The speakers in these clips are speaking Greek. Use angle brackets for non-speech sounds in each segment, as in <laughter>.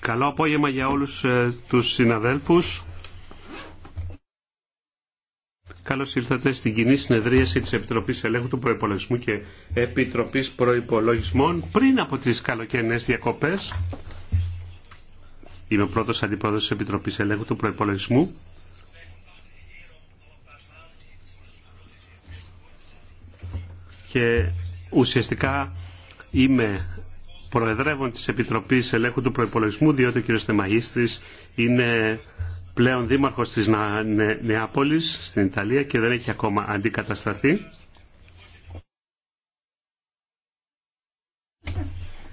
Καλό απόγευμα για όλους ε, τους συναδέλφους. Καλώς ήρθατε στην κοινή συνεδρίαση της Επιτροπής Ελέγχου του Προϋπολογισμού και Επιτροπής Προϋπολογισμών πριν από τις καλοκαιρινές διακοπές. Είμαι ο πρώτος αντιπρόεδρος της Επιτροπής Ελέγχου του Προϋπολογισμού και ουσιαστικά είμαι προεδρεύων της Επιτροπής Ελέγχου του Προϋπολογισμού, διότι ο κ. Θεμαγίστρης είναι πλέον δήμαρχος της Νεάπολης στην Ιταλία και δεν έχει ακόμα αντικατασταθεί.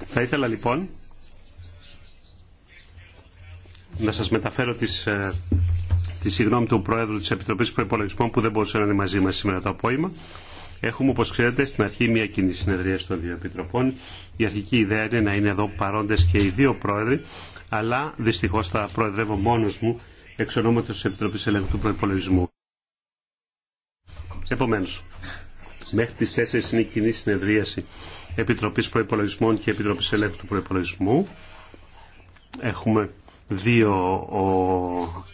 Θα ήθελα λοιπόν να σας μεταφέρω τις, ε, τη συγγνώμη του Προέδρου της Επιτροπής Προϋπολογισμών που δεν μπορούσε να είναι μαζί μας σήμερα το απόγευμα Έχουμε, όπω ξέρετε, στην αρχή μια κοινή συνεδρία των δύο επιτροπών. Η αρχική ιδέα είναι να είναι εδώ παρόντε και οι δύο πρόεδροι, αλλά δυστυχώ θα προεδρεύω μόνο μου εξ ονόματο τη Επιτροπή Ελέγχου του Προπολογισμού. Επομένω, μέχρι τι 4 είναι η κοινή συνεδρίαση Επιτροπή Προπολογισμών και Επιτροπή Ελέγχου του Προπολογισμού. Έχουμε δύο ο,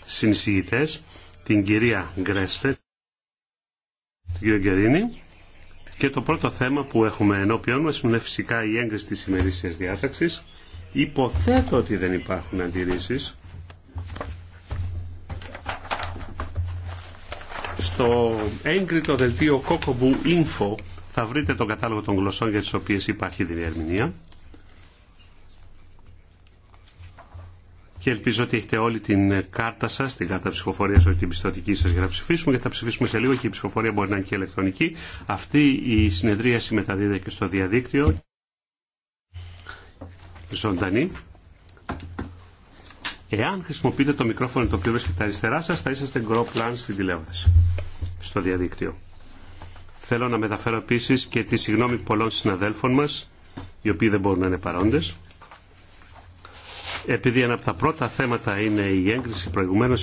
την κυρία Γκρέσφετ, τον κύριο Γκερίνη και το πρώτο θέμα που έχουμε ενώπιόν μας είναι φυσικά η έγκριση της ημερήσιας διάταξης. Υποθέτω ότι δεν υπάρχουν αντιρρήσεις. Στο έγκριτο δελτίο κοκομπού Info θα βρείτε τον κατάλογο των γλωσσών για τις οποίες υπάρχει διερμηνία. και ελπίζω ότι έχετε όλη την ε, κάρτα σα, την κάρτα ψηφοφορία, όχι την πιστοτική σα για να ψηφίσουμε. Γιατί θα ψηφίσουμε σε λίγο και η ψηφοφορία μπορεί να είναι και ηλεκτρονική. Αυτή η συνεδρία μεταδίδεται και στο διαδίκτυο. Ζωντανή. Εάν χρησιμοποιείτε το μικρόφωνο το οποίο βρίσκεται αριστερά σα, θα είσαστε γκρο πλάν στην τηλεόραση, στο διαδίκτυο. Θέλω να μεταφέρω επίση και τη συγγνώμη πολλών συναδέλφων μα, οι οποίοι δεν μπορούν να είναι παρόντε επειδή ένα από τα πρώτα θέματα είναι η έγκριση προηγουμένων,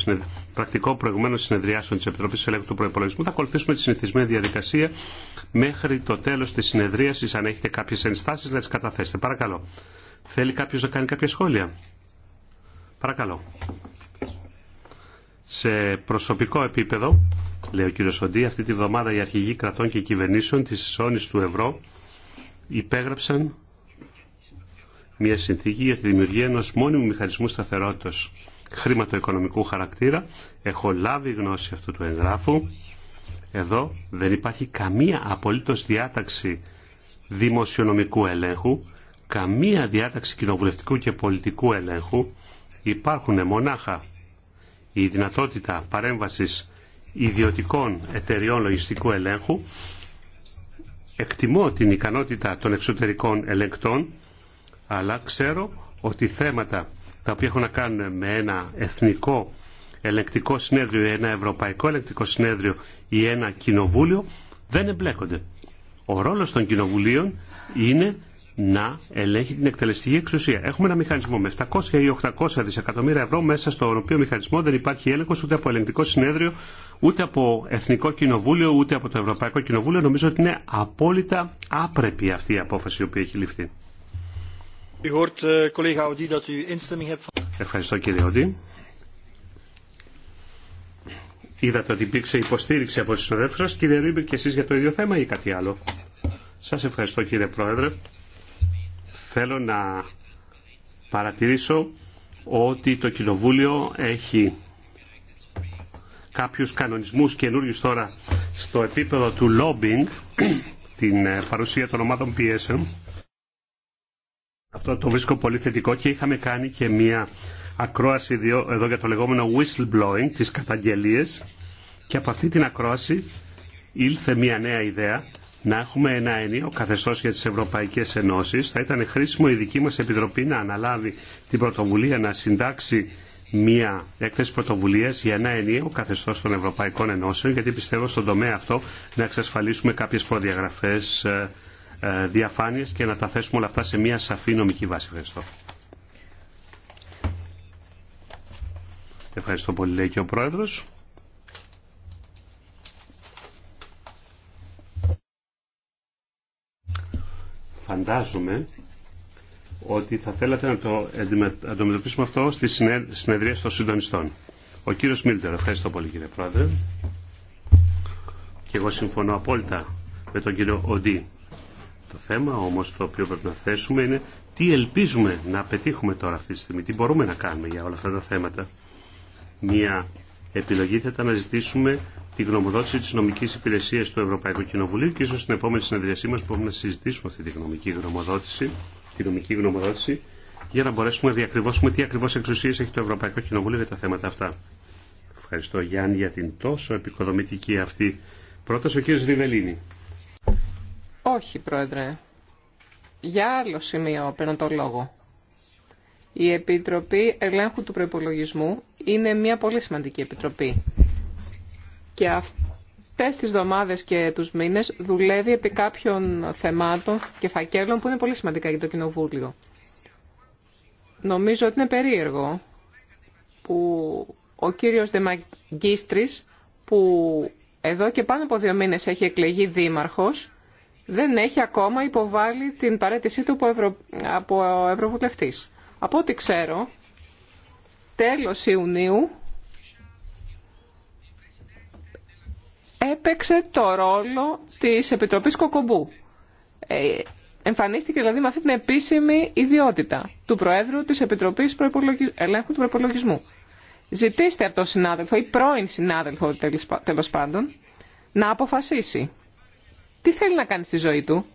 πρακτικών προηγουμένων συνεδριάσεων τη Επιτροπή Ελέγχου του Προπολογισμού, θα ακολουθήσουμε τη συνηθισμένη διαδικασία μέχρι το τέλο τη συνεδρίαση. Αν έχετε κάποιε ενστάσει, να τι καταθέσετε. Παρακαλώ. Θέλει κάποιο να κάνει κάποια σχόλια. Παρακαλώ. Σε προσωπικό επίπεδο, λέει ο κύριο Σοντή, αυτή τη βδομάδα οι αρχηγοί κρατών και κυβερνήσεων τη ζώνη του ευρώ υπέγραψαν μια συνθήκη για τη δημιουργία ενός μόνιμου μηχανισμού σταθερότητας χρηματοοικονομικού χαρακτήρα. Έχω λάβει γνώση αυτού του εγγράφου. Εδώ δεν υπάρχει καμία απολύτως διάταξη δημοσιονομικού ελέγχου, καμία διάταξη κοινοβουλευτικού και πολιτικού ελέγχου. Υπάρχουν μονάχα η δυνατότητα παρέμβασης ιδιωτικών εταιριών λογιστικού ελέγχου. Εκτιμώ την ικανότητα των εξωτερικών ελεγκτών αλλά ξέρω ότι θέματα τα οποία έχουν να κάνουν με ένα εθνικό ελεκτικό συνέδριο ή ένα ευρωπαϊκό ελεκτικό συνέδριο ή ένα κοινοβούλιο δεν εμπλέκονται. Ο ρόλος των κοινοβουλίων είναι να ελέγχει την εκτελεστική εξουσία. Έχουμε ένα μηχανισμό με 700 ή 800 δισεκατομμύρια ευρώ, μέσα στο οποίο μηχανισμό δεν υπάρχει έλεγχο ούτε από ελεγκτικό συνέδριο, ούτε από Εθνικό Κοινοβούλιο, ούτε από το Ευρωπαϊκό Κοινοβούλιο. Νομίζω ότι είναι απόλυτα άπρεπη αυτή η απόφαση η οποία έχει ληφθεί. Ευχαριστώ κύριε Όντι. Είδατε ότι υπήρξε υποστήριξη από τους συνοδεύτρες. Κύριε Ρίμπερ και εσείς για το ίδιο θέμα ή κάτι άλλο. Σας ευχαριστώ κύριε Πρόεδρε. Θέλω να παρατηρήσω ότι το Κοινοβούλιο έχει κάποιους κανονισμούς καινούριου τώρα στο επίπεδο του lobbying, την ε, παρουσία των ομάδων πιέσεων αυτό το βρίσκω πολύ θετικό και είχαμε κάνει και μια ακρόαση εδώ για το λεγόμενο whistleblowing, τις καταγγελίες και από αυτή την ακρόαση ήλθε μια νέα ιδέα να έχουμε ένα ενίο καθεστώ για τι Ευρωπαϊκέ Ενώσει. Θα ήταν χρήσιμο η δική μα Επιτροπή να αναλάβει την πρωτοβουλία να συντάξει μια έκθεση πρωτοβουλία για ένα ενίο καθεστώ των Ευρωπαϊκών Ενώσεων, γιατί πιστεύω στον τομέα αυτό να εξασφαλίσουμε κάποιε προδιαγραφέ ε, ε, διαφάνειες και να τα θέσουμε όλα αυτά σε μια σαφή νομική βάση. Ευχαριστώ. Ευχαριστώ πολύ, λέει και ο Πρόεδρος. Φαντάζομαι ότι θα θέλατε να το αντιμετωπίσουμε αυτό στη συνεδρία των συντονιστών. Ο κύριος Μίλτερ, ευχαριστώ πολύ κύριε Πρόεδρε. Και εγώ συμφωνώ απόλυτα με τον κύριο Οντί το θέμα όμως το οποίο πρέπει να θέσουμε είναι τι ελπίζουμε να πετύχουμε τώρα αυτή τη στιγμή, τι μπορούμε να κάνουμε για όλα αυτά τα θέματα. Μία επιλογή θα ήταν να ζητήσουμε τη γνωμοδότηση της νομικής υπηρεσίας του Ευρωπαϊκού Κοινοβουλίου και ίσως στην επόμενη συνεδριασή μας μπορούμε να συζητήσουμε αυτή τη νομική γνωμοδότηση, τη νομική γνωμοδότηση για να μπορέσουμε να διακριβώσουμε τι ακριβώς εξουσίες έχει το Ευρωπαϊκό Κοινοβούλιο για τα θέματα αυτά. Ευχαριστώ Γιάννη για την τόσο επικοδομητική αυτή πρόταση. Ο κ. Ριβελίνη. Όχι, Πρόεδρε. Για άλλο σημείο παίρνω το λόγο. Η Επιτροπή Ελέγχου του Προϋπολογισμού είναι μια πολύ σημαντική επιτροπή. Και αυτές τις εβδομάδες και τους μήνες δουλεύει επί κάποιων θεμάτων και φακέλων που είναι πολύ σημαντικά για το Κοινοβούλιο. Νομίζω ότι είναι περίεργο που ο κύριος Δεμαγκίστρης που εδώ και πάνω από δύο μήνες έχει εκλεγεί δήμαρχος δεν έχει ακόμα υποβάλει την παρέτησή του από, Ευρω... από Ευρωβουλευτής. Από ό,τι ξέρω, τέλος Ιουνίου έπαιξε το ρόλο της Επιτροπής Κοκομπού. Ε, εμφανίστηκε δηλαδή με αυτή την επίσημη ιδιότητα του Προέδρου της Επιτροπής Ελέγχου του Προπολογισμού. Ζητήστε από τον συνάδελφο ή πρώην συνάδελφο τέλος πάντων να αποφασίσει τι θέλει να κάνει στη ζωή του.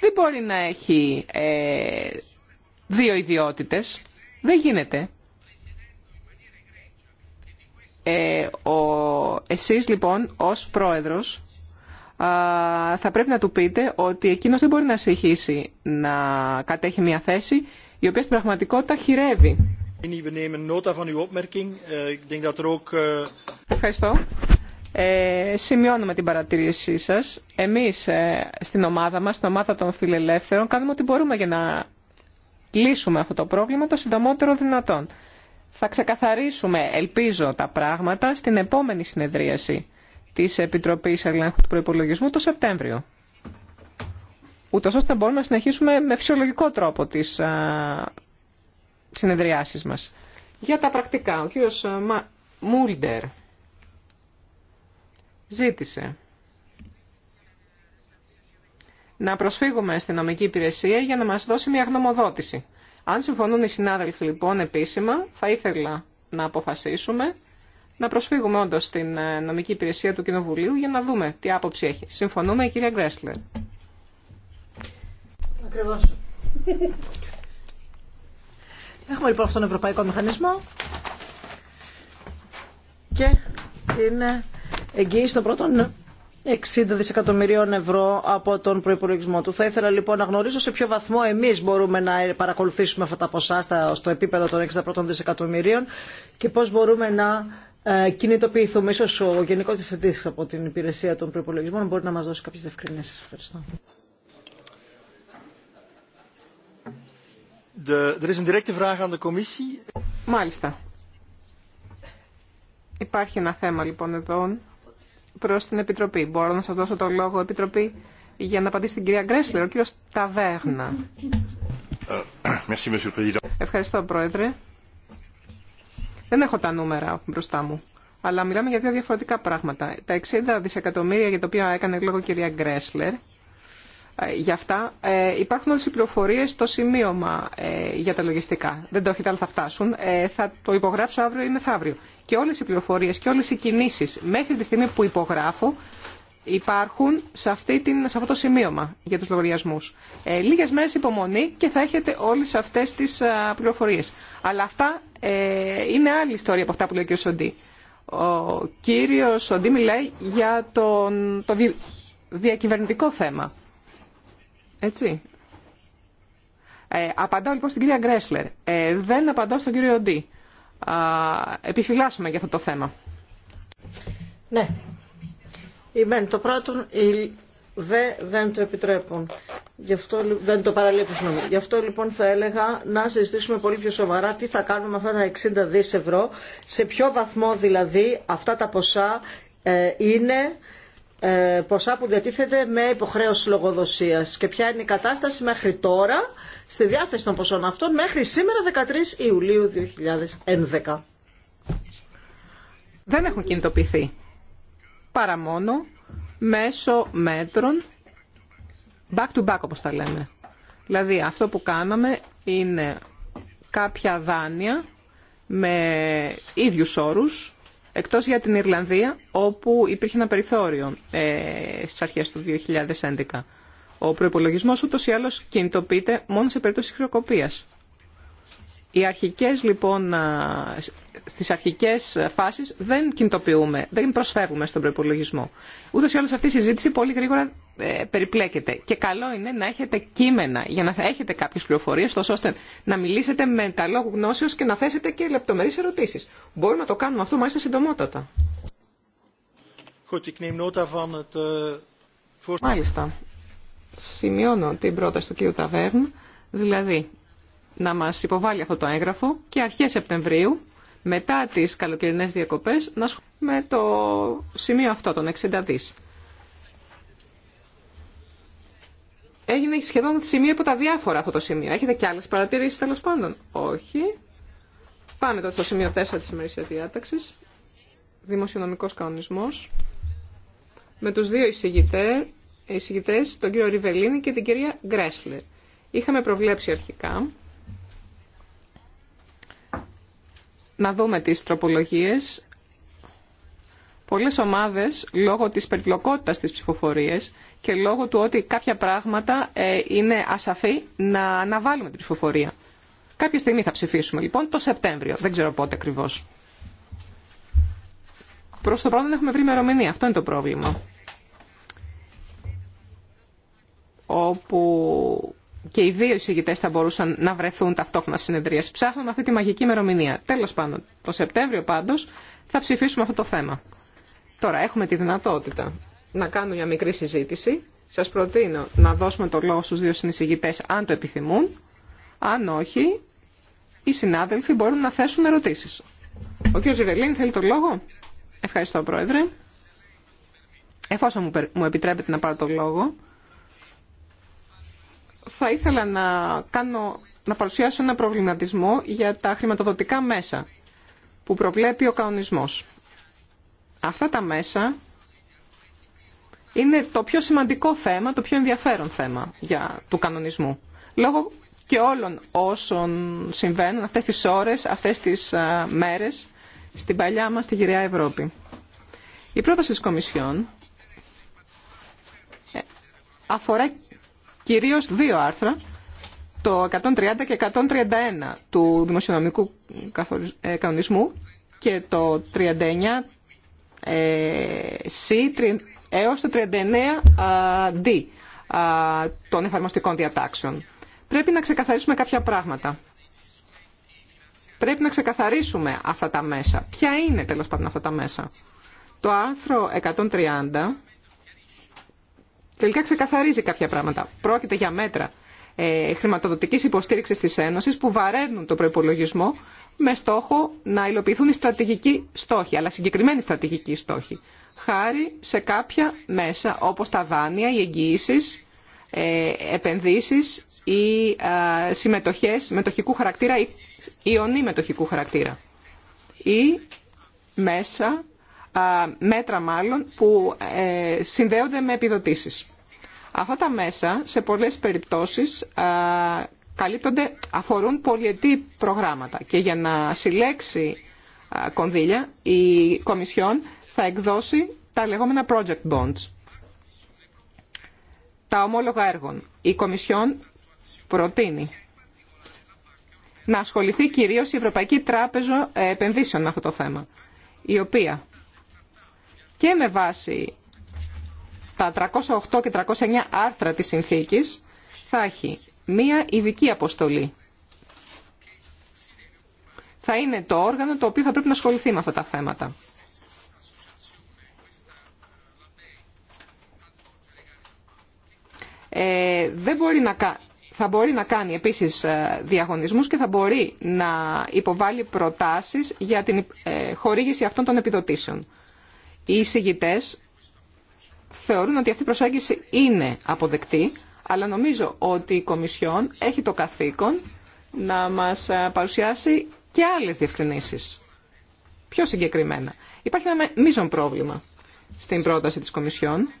Δεν μπορεί να έχει ε, δύο ιδιότητες. Δεν γίνεται. Ε, ο, εσείς λοιπόν ως πρόεδρος α, θα πρέπει να του πείτε ότι εκείνος δεν μπορεί να συγχύσει να κατέχει μια θέση η οποία στην πραγματικότητα χειρεύει. Ε, er ε, Ευχαριστώ. Ε, σημειώνουμε την παρατήρησή σας. Εμείς ε, στην ομάδα μας, στην ομάδα των φιλελεύθερων, κάνουμε ό,τι μπορούμε για να λύσουμε αυτό το πρόβλημα το συντομότερο δυνατόν. Θα ξεκαθαρίσουμε, ελπίζω, τα πράγματα στην επόμενη συνεδρίαση της Επιτροπής Ελέγχου του Προϋπολογισμού το Σεπτέμβριο. Ούτω ώστε να μπορούμε να συνεχίσουμε με φυσιολογικό τρόπο τις συνεδριάσεις Για τα πρακτικά, ο κύριος ε, Μούλντερ ζήτησε να προσφύγουμε στην νομική υπηρεσία για να μας δώσει μια γνωμοδότηση. Αν συμφωνούν οι συνάδελφοι λοιπόν επίσημα, θα ήθελα να αποφασίσουμε να προσφύγουμε όντω στην ε, νομική υπηρεσία του Κοινοβουλίου για να δούμε τι άποψη έχει. Συμφωνούμε, η κυρία Γκρέσλερ. Ακριβώ. Έχουμε λοιπόν αυτόν τον ευρωπαϊκό μηχανισμό και είναι εγγύηση των πρώτων 60 δισεκατομμυρίων ευρώ από τον προπολογισμό του. Θα ήθελα λοιπόν να γνωρίσω σε ποιο βαθμό εμεί μπορούμε να παρακολουθήσουμε αυτά τα ποσά στο επίπεδο των 61 δισεκατομμυρίων και πώ μπορούμε να ε, κινητοποιηθούμε. σω ο Γενικό Διευθυντή από την Υπηρεσία των Προπολογισμών μπορεί να μα δώσει κάποιε διευκρινήσει. Ευχαριστώ. Er Μάλιστα. Υπάρχει ένα θέμα λοιπόν εδώ προς την Επιτροπή. Μπορώ να σας δώσω το λόγο, Επιτροπή, για να απαντήσει την κυρία Γκρέσλερ, ο κύριο Ταβέρνα. Ευχαριστώ, Πρόεδρε. Δεν έχω τα νούμερα μπροστά μου. Αλλά μιλάμε για δύο διαφορετικά πράγματα. Τα 60 δισεκατομμύρια για τα οποία έκανε λόγο η κυρία Γκρέσλερ ε, για αυτά. Ε, υπάρχουν όλες οι πληροφορίες στο σημείωμα ε, για τα λογιστικά. Δεν το έχετε, αλλά θα φτάσουν. θα το υπογράψω αύριο ή μεθαύριο. Και όλες οι πληροφορίες και όλες οι κινήσεις μέχρι τη στιγμή που υπογράφω υπάρχουν σε, αυτή την, σε αυτό το σημείωμα για τους λογαριασμούς. Ε, λίγες μέρες υπομονή και θα έχετε όλες αυτές τις α, πληροφορίες. Αλλά αυτά ε, είναι άλλη ιστορία από αυτά που λέει ο κ. Σοντή. Ο κύριος Σοντή μιλάει για τον, το διακυβερνητικό θέμα. Έτσι. Ε, απαντάω λοιπόν στην κυρία Γκρέσλερ. Ε, δεν απαντάω στον κύριο Ντί. Επιφυλάσσουμε για αυτό το θέμα. Ναι. Ημέν, το πρώτο, οι δεν το επιτρέπουν. Γι αυτό, δεν το παραλείπουν. Γι' αυτό λοιπόν θα έλεγα να συζητήσουμε πολύ πιο σοβαρά τι θα κάνουμε με αυτά τα 60 δις ευρώ, σε ποιο βαθμό δηλαδή αυτά τα ποσά ε, είναι ε, ποσά που διατίθεται με υποχρέωση λογοδοσίας και ποια είναι η κατάσταση μέχρι τώρα στη διάθεση των ποσών αυτών μέχρι σήμερα 13 Ιουλίου 2011. Δεν έχουν κινητοποιηθεί παρά μόνο μέσω μέτρων back to back όπως τα λέμε. Δηλαδή αυτό που κάναμε είναι κάποια δάνεια με ίδιους όρους εκτός για την Ιρλανδία, όπου υπήρχε ένα περιθώριο ε, στις αρχές του 2011. Ο προϋπολογισμός ούτως ή άλλως κινητοποιείται μόνο σε περίπτωση χρεοκοπίας. Οι αρχικές λοιπόν στις αρχικές φάσεις δεν κινητοποιούμε, δεν προσφεύγουμε στον προπολογισμό. Ούτως Ούτε η όλες αυτη πολύ γρήγορα ε, περιπλέκεται. Και καλό είναι να έχετε κείμενα για να έχετε κάποιες πληροφορίες, ώστε να μιλήσετε με τα λόγου γνώσεως και να θέσετε και λεπτομερείς ερωτήσεις. Μπορούμε να το κάνουμε αυτό μάλιστα συντομότατα. Eh, μάλιστα. Σημειώνω την πρόταση του κ. Ταβέρν, δηλαδή να μας υποβάλει αυτό το έγγραφο και αρχές Σεπτεμβρίου μετά τις καλοκαιρινές διακοπές να με το σημείο αυτό τον 60 δις. Έγινε σχεδόν σημείο από τα διάφορα αυτό το σημείο. Έχετε και άλλες παρατηρήσεις τέλος πάντων. Όχι. Πάμε τώρα στο σημείο 4 της ημερήσιας διάταξης. Δημοσιονομικός κανονισμός. Με τους δύο εισηγητές τον κύριο Ριβελίνη και την κυρία Γκρέσλερ. Είχαμε προβλέψει αρχικά να δούμε τις τροπολογίες. Πολλές ομάδες, λόγω της περιπλοκότητας της ψηφοφορίας και λόγω του ότι κάποια πράγματα ε, είναι ασαφή, να αναβάλουμε την ψηφοφορία. Κάποια στιγμή θα ψηφίσουμε, λοιπόν, το Σεπτέμβριο. Δεν ξέρω πότε ακριβώ. Προς το πρώτο δεν έχουμε βρει ημερομηνία. Αυτό είναι το πρόβλημα. Όπου και οι δύο εισηγητέ θα μπορούσαν να βρεθούν ταυτόχρονα στι συνεδρίε. Ψάχνουν αυτή τη μαγική ημερομηνία. Τέλο πάντων, το Σεπτέμβριο πάντω θα ψηφίσουμε αυτό το θέμα. Τώρα έχουμε τη δυνατότητα να κάνουμε μια μικρή συζήτηση. Σα προτείνω να δώσουμε το λόγο στου δύο συνεισηγητέ αν το επιθυμούν. Αν όχι, οι συνάδελφοι μπορούν να θέσουν ερωτήσει. Ο κ. Ζιβελίνη θέλει το λόγο. Ευχαριστώ, Πρόεδρε. Εφόσον μου επιτρέπετε να πάρω το λόγο, θα ήθελα να, κάνω, να παρουσιάσω ένα προβληματισμό για τα χρηματοδοτικά μέσα που προβλέπει ο κανονισμός. Αυτά τα μέσα είναι το πιο σημαντικό θέμα, το πιο ενδιαφέρον θέμα για, του κανονισμού. Λόγω και όλων όσων συμβαίνουν αυτές τις ώρες, αυτές τις μέρες στην παλιά μας, στη γυραιά Ευρώπη. Η πρόταση της Κομισιόν ε, αφορά κυρίως δύο άρθρα, το 130 και 131 του Δημοσιονομικού ε, Κανονισμού και το 39 C ε, έως το 39 D ε, των εφαρμοστικών διατάξεων. Πρέπει να ξεκαθαρίσουμε κάποια πράγματα. Πρέπει να ξεκαθαρίσουμε αυτά τα μέσα. Ποια είναι τέλος πάντων αυτά τα μέσα. Το άρθρο 130 τελικά ξεκαθαρίζει κάποια πράγματα. Πρόκειται για μέτρα ε, χρηματοδοτικής υποστήριξης της Ένωσης που βαραίνουν το προπολογισμό με στόχο να υλοποιηθούν οι στρατηγικοί στόχοι, αλλά συγκεκριμένοι στρατηγικοί στόχοι, χάρη σε κάποια μέσα όπω τα δάνεια, οι εγγυήσει, ε, επενδύσεις ή ε, συμμετοχές μετοχικού χαρακτήρα ή ιονή μετοχικού χαρακτήρα ή μέσα, μέτρα μάλλον, που ε, συνδέονται με επιδοτήσεις. Αυτά τα μέσα σε πολλές περιπτώσεις καλύπτονται, αφορούν πολιετή προγράμματα και για να συλλέξει κονδύλια η Κομισιόν θα εκδώσει τα λεγόμενα project bonds, τα ομόλογα έργων. Η Κομισιόν προτείνει να ασχοληθεί κυρίως η Ευρωπαϊκή Τράπεζα Επενδύσεων με αυτό το θέμα, η οποία και με βάση στα 308 και 309 άρθρα της συνθήκης θα έχει μία ειδική αποστολή. Θα είναι το όργανο το οποίο θα πρέπει να ασχοληθεί με αυτά τα θέματα. Ε, δεν μπορεί να, θα μπορεί να κάνει επίσης ε, διαγωνισμούς και θα μπορεί να υποβάλει προτάσεις για την ε, χορήγηση αυτών των επιδοτήσεων. Οι εισηγητές θεωρούν ότι αυτή η προσέγγιση είναι αποδεκτή, αλλά νομίζω ότι η Κομισιόν έχει το καθήκον να μας ε, παρουσιάσει και άλλες διευκρινήσεις. Πιο συγκεκριμένα. Υπάρχει ένα μείζον πρόβλημα στην πρόταση της Κομισιόν.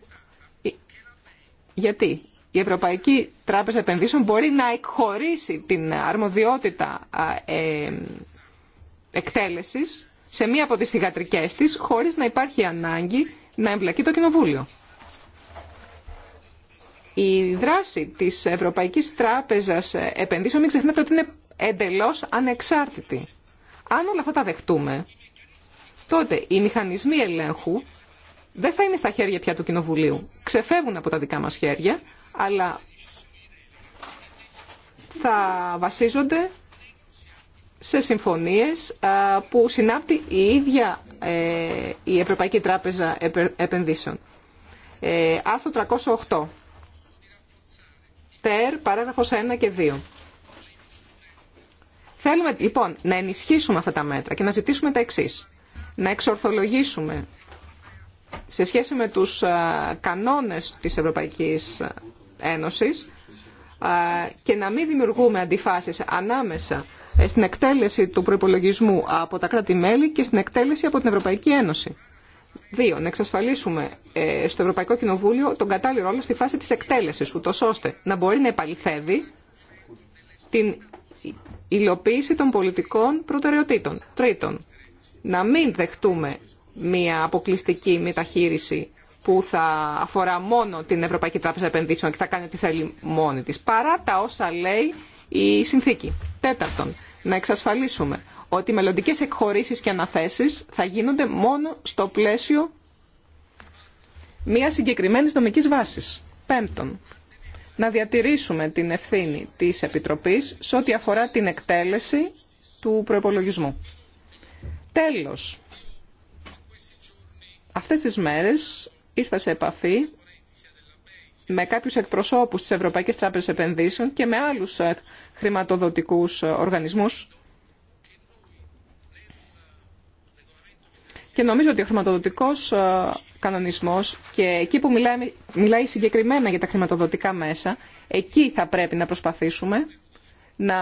Γιατί η Ευρωπαϊκή Τράπεζα Επενδύσεων μπορεί να εκχωρήσει την αρμοδιότητα ε, εκτέλεσης σε μία από τις θηγατρικές της, χωρίς να υπάρχει ανάγκη να εμπλακεί το Κοινοβούλιο η δράση της Ευρωπαϊκής Τράπεζας ε, Επενδύσεων, μην ξεχνάτε ότι είναι εντελώς ανεξάρτητη. Αν όλα αυτά τα δεχτούμε, τότε οι μηχανισμοί ελέγχου δεν θα είναι στα χέρια πια του Κοινοβουλίου. Ξεφεύγουν από τα δικά μας χέρια, αλλά θα βασίζονται σε συμφωνίες που συνάπτει η ίδια ε, η Ευρωπαϊκή Τράπεζα Επενδύσεων. Ε, άρθρο 308 ΤΕΡ παράγραφος 1 και 2. Θέλουμε λοιπόν να ενισχύσουμε αυτά τα μέτρα και να ζητήσουμε τα εξή. Να εξορθολογήσουμε σε σχέση με τους κανόνες της Ευρωπαϊκής Ένωσης και να μην δημιουργούμε αντιφάσεις ανάμεσα ε, στην εκτέλεση του προϋπολογισμού από τα κράτη-μέλη και στην εκτέλεση από την Ευρωπαϊκή Ένωση. Δύο, να εξασφαλίσουμε ε, στο Ευρωπαϊκό Κοινοβούλιο τον κατάλληλο ρόλο στη φάση της εκτέλεσης, ούτως ώστε να μπορεί να επαληθεύει την υλοποίηση των πολιτικών προτεραιοτήτων. Τρίτον, να μην δεχτούμε μια αποκλειστική μεταχείριση που θα αφορά μόνο την Ευρωπαϊκή Τράπεζα Επενδύσεων και θα κάνει ό,τι θέλει μόνη της, παρά τα όσα λέει η συνθήκη. Τέταρτον, να εξασφαλίσουμε ότι οι μελλοντικές εκχωρήσεις και αναθέσεις θα γίνονται μόνο στο πλαίσιο μια συγκεκριμένης νομικής βάσης. Πέμπτον, να διατηρήσουμε την ευθύνη της Επιτροπής σε ό,τι αφορά την εκτέλεση του προϋπολογισμού. Τέλος, αυτές τις μέρες ήρθα σε επαφή με κάποιους εκπροσώπους της Ευρωπαϊκής Τράπεζας Επενδύσεων και με άλλους χρηματοδοτικούς οργανισμούς Και νομίζω ότι ο χρηματοδοτικός ε, κανονισμός και εκεί που μιλάει, μιλάει συγκεκριμένα για τα χρηματοδοτικά μέσα, εκεί θα πρέπει να προσπαθήσουμε να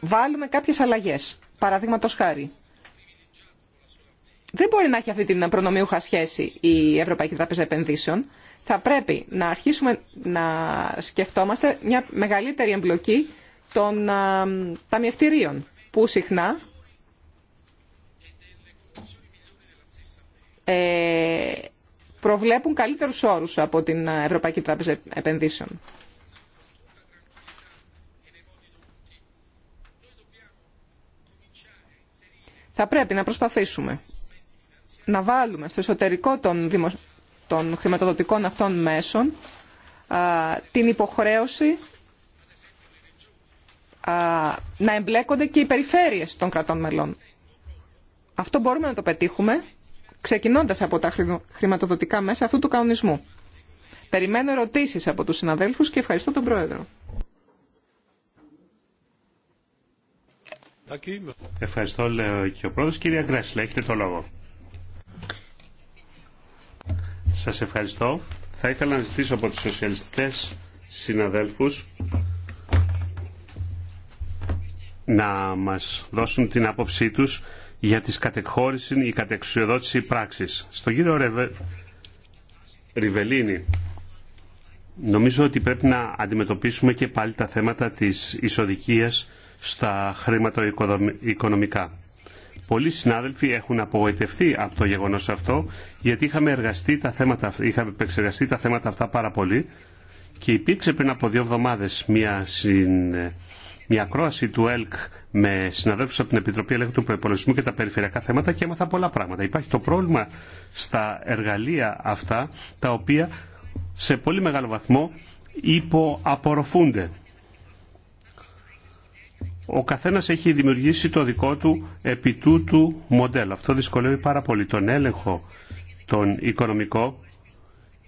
βάλουμε κάποιες αλλαγές. Παραδείγματο χάρη, δεν μπορεί να έχει αυτή την προνομιούχα σχέση η Ευρωπαϊκή Τράπεζα Επενδύσεων. Θα πρέπει να αρχίσουμε να σκεφτόμαστε μια μεγαλύτερη εμπλοκή των ε, ταμιευτηρίων, που συχνά Ε, προβλέπουν καλύτερους όρους από την Ευρωπαϊκή Τράπεζα Επενδύσεων. Θα πρέπει να προσπαθήσουμε να βάλουμε στο εσωτερικό των, δημο... χρηματοδοτικών αυτών μέσων την υποχρέωση να εμπλέκονται και οι περιφέρειες των κρατών μελών. Αυτό μπορούμε να το πετύχουμε ξεκινώντας από τα χρηματοδοτικά μέσα αυτού του κανονισμού. Περιμένω ερωτήσεις από τους συναδέλφους και ευχαριστώ τον Πρόεδρο. Ευχαριστώ, λέω και ο Πρόεδρος. Κυρία Γκρέσλε, έχετε το λόγο. Σας ευχαριστώ. Θα ήθελα να ζητήσω από τους σοσιαλιστές συναδέλφους να μας δώσουν την άποψή τους για τις κατεχώρηση ή κατεξουσιοδότηση πράξης. Στον κύριο Ρεβε... Ριβελίνη, νομίζω ότι πρέπει να αντιμετωπίσουμε και πάλι τα θέματα της ισοδικίας στα χρηματοοικονομικά. Πολλοί συνάδελφοι έχουν απογοητευτεί από το γεγονός αυτό, γιατί είχαμε, εργαστεί τα θέματα, είχαμε επεξεργαστεί τα θέματα αυτά πάρα πολύ και υπήρξε πριν από δύο εβδομάδες μια συν, μια ακρόαση του ΕΛΚ με συναδέλφου από την Επιτροπή Ελέγχου του Προπολογισμού και τα περιφερειακά θέματα και έμαθα πολλά πράγματα. Υπάρχει το πρόβλημα στα εργαλεία αυτά τα οποία σε πολύ μεγάλο βαθμό υποαπορροφούνται. Ο καθένα έχει δημιουργήσει το δικό του επί τούτου μοντέλο. Αυτό δυσκολεύει πάρα πολύ τον έλεγχο τον οικονομικό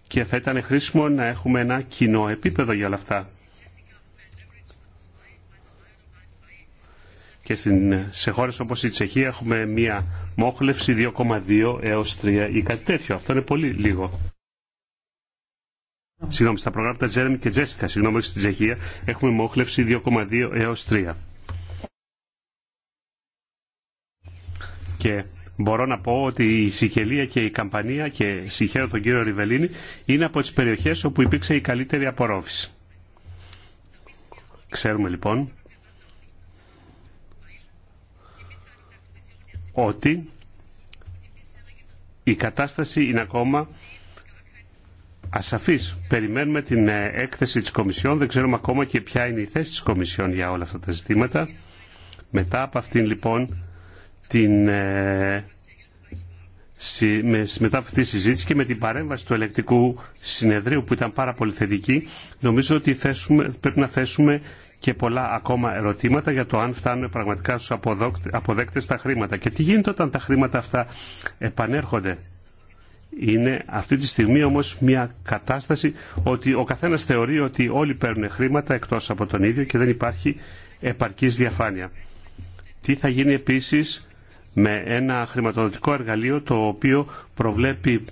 και θα ήταν χρήσιμο να έχουμε ένα κοινό επίπεδο για όλα αυτά. και σε χώρες όπως η Τσεχία έχουμε μία μόχλευση 2,2 έως 3 ή κάτι τέτοιο. Αυτό είναι πολύ λίγο. Συγγνώμη, στα προγράμματα Τζέρεμι και Τζέσικα, συγγνώμη, στην Τσεχία έχουμε μόχλευση 2,2 έως 3. Και μπορώ να πω ότι η Σικελία και η Καμπανία και συγχαίρω τον κύριο Ριβελίνη είναι από τις περιοχές όπου υπήρξε η καλύτερη απορρόφηση. Ξέρουμε λοιπόν ότι η κατάσταση είναι ακόμα ασαφής. Περιμένουμε την ε, έκθεση της Κομισιόν, δεν ξέρουμε ακόμα και ποια είναι η θέση της Κομισιόν για όλα αυτά τα ζητήματα. Μετά από αυτήν λοιπόν την, ε, μετά από αυτή τη συζήτηση και με την παρέμβαση του ελεκτικού συνεδρίου που ήταν πάρα πολύ θετική, νομίζω ότι θέσουμε, πρέπει να θέσουμε και πολλά ακόμα ερωτήματα για το αν φτάνουν πραγματικά στους αποδέκτες τα χρήματα. Και τι γίνεται όταν τα χρήματα αυτά επανέρχονται. Είναι αυτή τη στιγμή όμως μια κατάσταση ότι ο καθένας θεωρεί ότι όλοι παίρνουν χρήματα εκτός από τον ίδιο και δεν υπάρχει επαρκής διαφάνεια. Τι θα γίνει επίσης με ένα χρηματοδοτικό εργαλείο το οποίο προβλέπει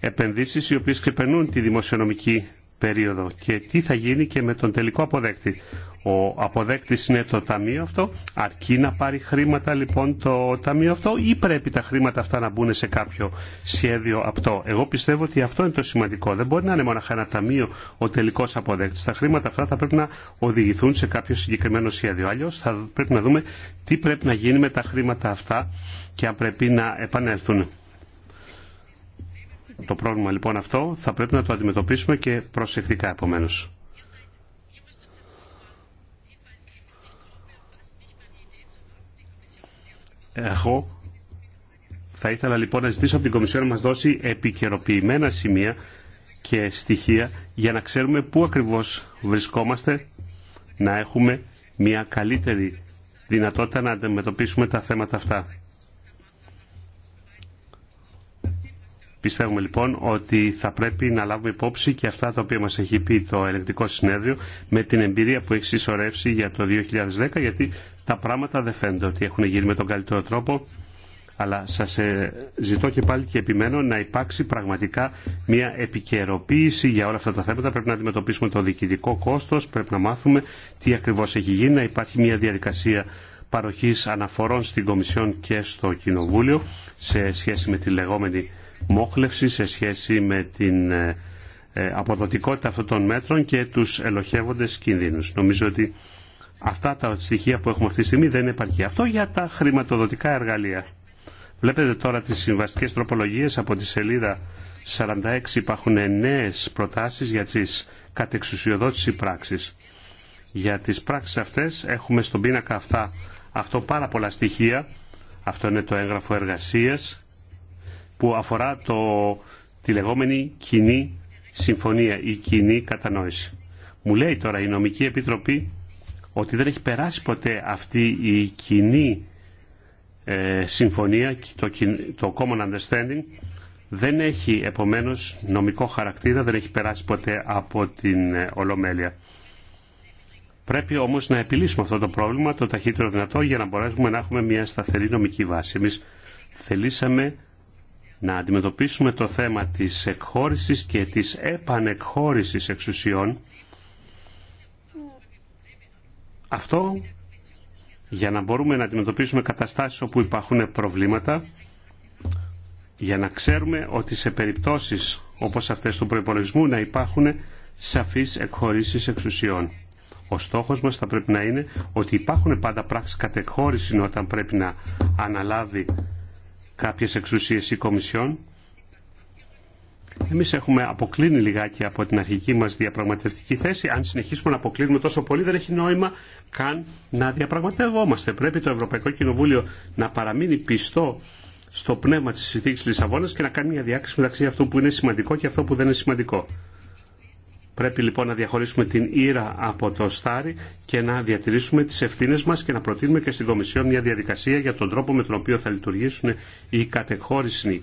επενδύσεις οι οποίες ξεπερνούν τη δημοσιονομική περίοδο και τι θα γίνει και με τον τελικό αποδέκτη. Ο αποδέκτης είναι το ταμείο αυτό, αρκεί να πάρει χρήματα λοιπόν το ταμείο αυτό ή πρέπει τα χρήματα αυτά να μπουν σε κάποιο σχέδιο αυτό. Εγώ πιστεύω ότι αυτό είναι το σημαντικό. Δεν μπορεί να είναι μόνο ένα ταμείο ο τελικός αποδέκτης. Τα χρήματα αυτά θα πρέπει να οδηγηθούν σε κάποιο συγκεκριμένο σχέδιο. Αλλιώ θα πρέπει να δούμε τι πρέπει να γίνει με τα χρήματα αυτά και αν πρέπει να επανέλθουν. Το πρόβλημα λοιπόν αυτό θα πρέπει να το αντιμετωπίσουμε και προσεκτικά επομένω. Εγώ θα ήθελα λοιπόν να ζητήσω από την Κομισιόν να μας δώσει επικαιροποιημένα σημεία και στοιχεία για να ξέρουμε πού ακριβώς βρισκόμαστε να έχουμε μια καλύτερη δυνατότητα να αντιμετωπίσουμε τα θέματα αυτά. Πιστεύουμε λοιπόν ότι θα πρέπει να λάβουμε υπόψη και αυτά τα οποία μας έχει πει το ελεγκτικό συνέδριο με την εμπειρία που έχει συσσωρεύσει για το 2010 γιατί τα πράγματα δεν φαίνεται ότι έχουν γίνει με τον καλύτερο τρόπο αλλά σας ε, ζητώ και πάλι και επιμένω να υπάρξει πραγματικά μια επικαιροποίηση για όλα αυτά τα θέματα. Πρέπει να αντιμετωπίσουμε το διοικητικό κόστος, πρέπει να μάθουμε τι ακριβώς έχει γίνει, να υπάρχει μια διαδικασία παροχής αναφορών στην Κομισιόν και στο Κοινοβούλιο σε σχέση με τη λεγόμενη μόχλευση σε σχέση με την ε, ε, αποδοτικότητα αυτών των μέτρων και τους ελοχεύοντες κινδύνους. Νομίζω ότι αυτά τα στοιχεία που έχουμε αυτή τη στιγμή δεν υπάρχει. Αυτό για τα χρηματοδοτικά εργαλεία. Βλέπετε τώρα τις συμβαστικές τροπολογίες από τη σελίδα 46 υπάρχουν νέες προτάσεις για τις κατεξουσιοδότηση πράξεις. Για τις πράξεις αυτές έχουμε στον πίνακα αυτά αυτό πάρα πολλά στοιχεία. Αυτό είναι το έγγραφο εργασίας που αφορά το, τη λεγόμενη κοινή συμφωνία ή κοινή κατανόηση. Μου λέει τώρα η νομική επιτροπή ότι δεν έχει περάσει ποτέ αυτή η κοινή ε, συμφωνία, το, το common understanding, δεν έχει επομένως νομικό χαρακτήρα, δεν έχει περάσει ποτέ από την ε, Ολομέλεια. Πρέπει όμως να επιλύσουμε αυτό το πρόβλημα το ταχύτερο δυνατό για να μπορέσουμε να έχουμε μια σταθερή νομική βάση. Εμείς θελήσαμε να αντιμετωπίσουμε το θέμα της εκχώρησης και της επανεκχώρησης εξουσιών. Αυτό για να μπορούμε να αντιμετωπίσουμε καταστάσεις όπου υπάρχουν προβλήματα, για να ξέρουμε ότι σε περιπτώσεις όπως αυτές του προϋπολογισμού να υπάρχουν σαφείς εκχωρήσεις εξουσιών. Ο στόχος μας θα πρέπει να είναι ότι υπάρχουν πάντα πράξεις κατεχώρησης όταν πρέπει να αναλάβει κάποιες εξουσίες η Κομισιόν. Εμείς έχουμε αποκλίνει λιγάκι από την αρχική μας διαπραγματευτική θέση. Αν συνεχίσουμε να αποκλίνουμε τόσο πολύ δεν έχει νόημα καν να διαπραγματευόμαστε. Πρέπει το Ευρωπαϊκό Κοινοβούλιο να παραμείνει πιστό στο πνεύμα της συνθήκης Λισαβόνας και να κάνει μια διάκριση μεταξύ αυτού που είναι σημαντικό και αυτό που δεν είναι σημαντικό. Πρέπει λοιπόν να διαχωρίσουμε την ήρα από το στάρι και να διατηρήσουμε τις ευθύνες μας και να προτείνουμε και στην Κομισιόν μια διαδικασία για τον τρόπο με τον οποίο θα λειτουργήσουν οι κατεχώρηση,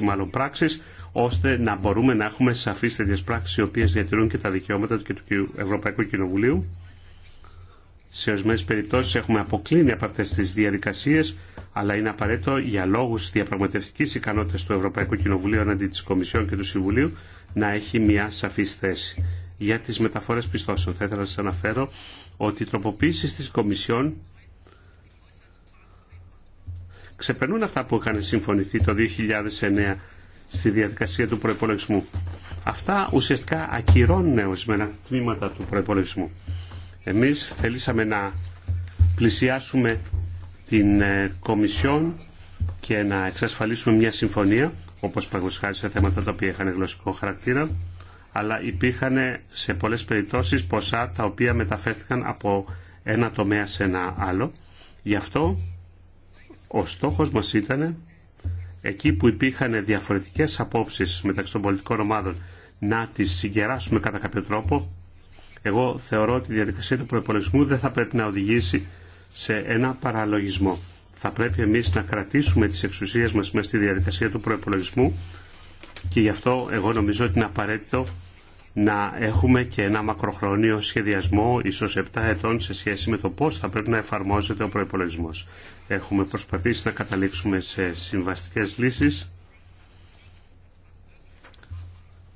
οι μάλλον πράξεις, ώστε να μπορούμε να έχουμε σαφείς τέτοιες πράξεις οι οποίες διατηρούν και τα δικαιώματα του Ευρωπαϊκού Κοινοβουλίου σε ορισμένε περιπτώσει έχουμε αποκλίνει από αυτέ τι διαδικασίε, αλλά είναι απαραίτητο για λόγου διαπραγματευτική ικανότητα του Ευρωπαϊκού Κοινοβουλίου αντί τη Κομισιόν και του Συμβουλίου να έχει μια σαφή θέση. Για τι μεταφορέ πιστώσεων, θα ήθελα να σα αναφέρω ότι οι τροποποίησει τη Κομισιόν ξεπερνούν αυτά που είχαν συμφωνηθεί το 2009 στη διαδικασία του προπολογισμού. Αυτά ουσιαστικά ακυρώνουν ορισμένα τμήματα του προπολογισμού. Εμείς θελήσαμε να πλησιάσουμε την ε, Κομισιόν και να εξασφαλίσουμε μια συμφωνία, όπως παραγωγικά σε θέματα τα οποία είχαν γλωσσικό χαρακτήρα, αλλά υπήρχαν σε πολλές περιπτώσεις ποσά τα οποία μεταφέρθηκαν από ένα τομέα σε ένα άλλο. Γι' αυτό ο στόχος μας ήταν εκεί που υπήρχαν διαφορετικές απόψεις μεταξύ των πολιτικών ομάδων να τις συγκεράσουμε κατά κάποιο τρόπο εγώ θεωρώ ότι η διαδικασία του προπολογισμού δεν θα πρέπει να οδηγήσει σε ένα παραλογισμό. Θα πρέπει εμείς να κρατήσουμε τις εξουσίες μας μέσα στη διαδικασία του προπολογισμού και γι' αυτό εγώ νομίζω ότι είναι απαραίτητο να έχουμε και ένα μακροχρόνιο σχεδιασμό, ίσως 7 ετών, σε σχέση με το πώς θα πρέπει να εφαρμόζεται ο προϋπολογισμός. Έχουμε προσπαθήσει να καταλήξουμε σε συμβαστικές λύσεις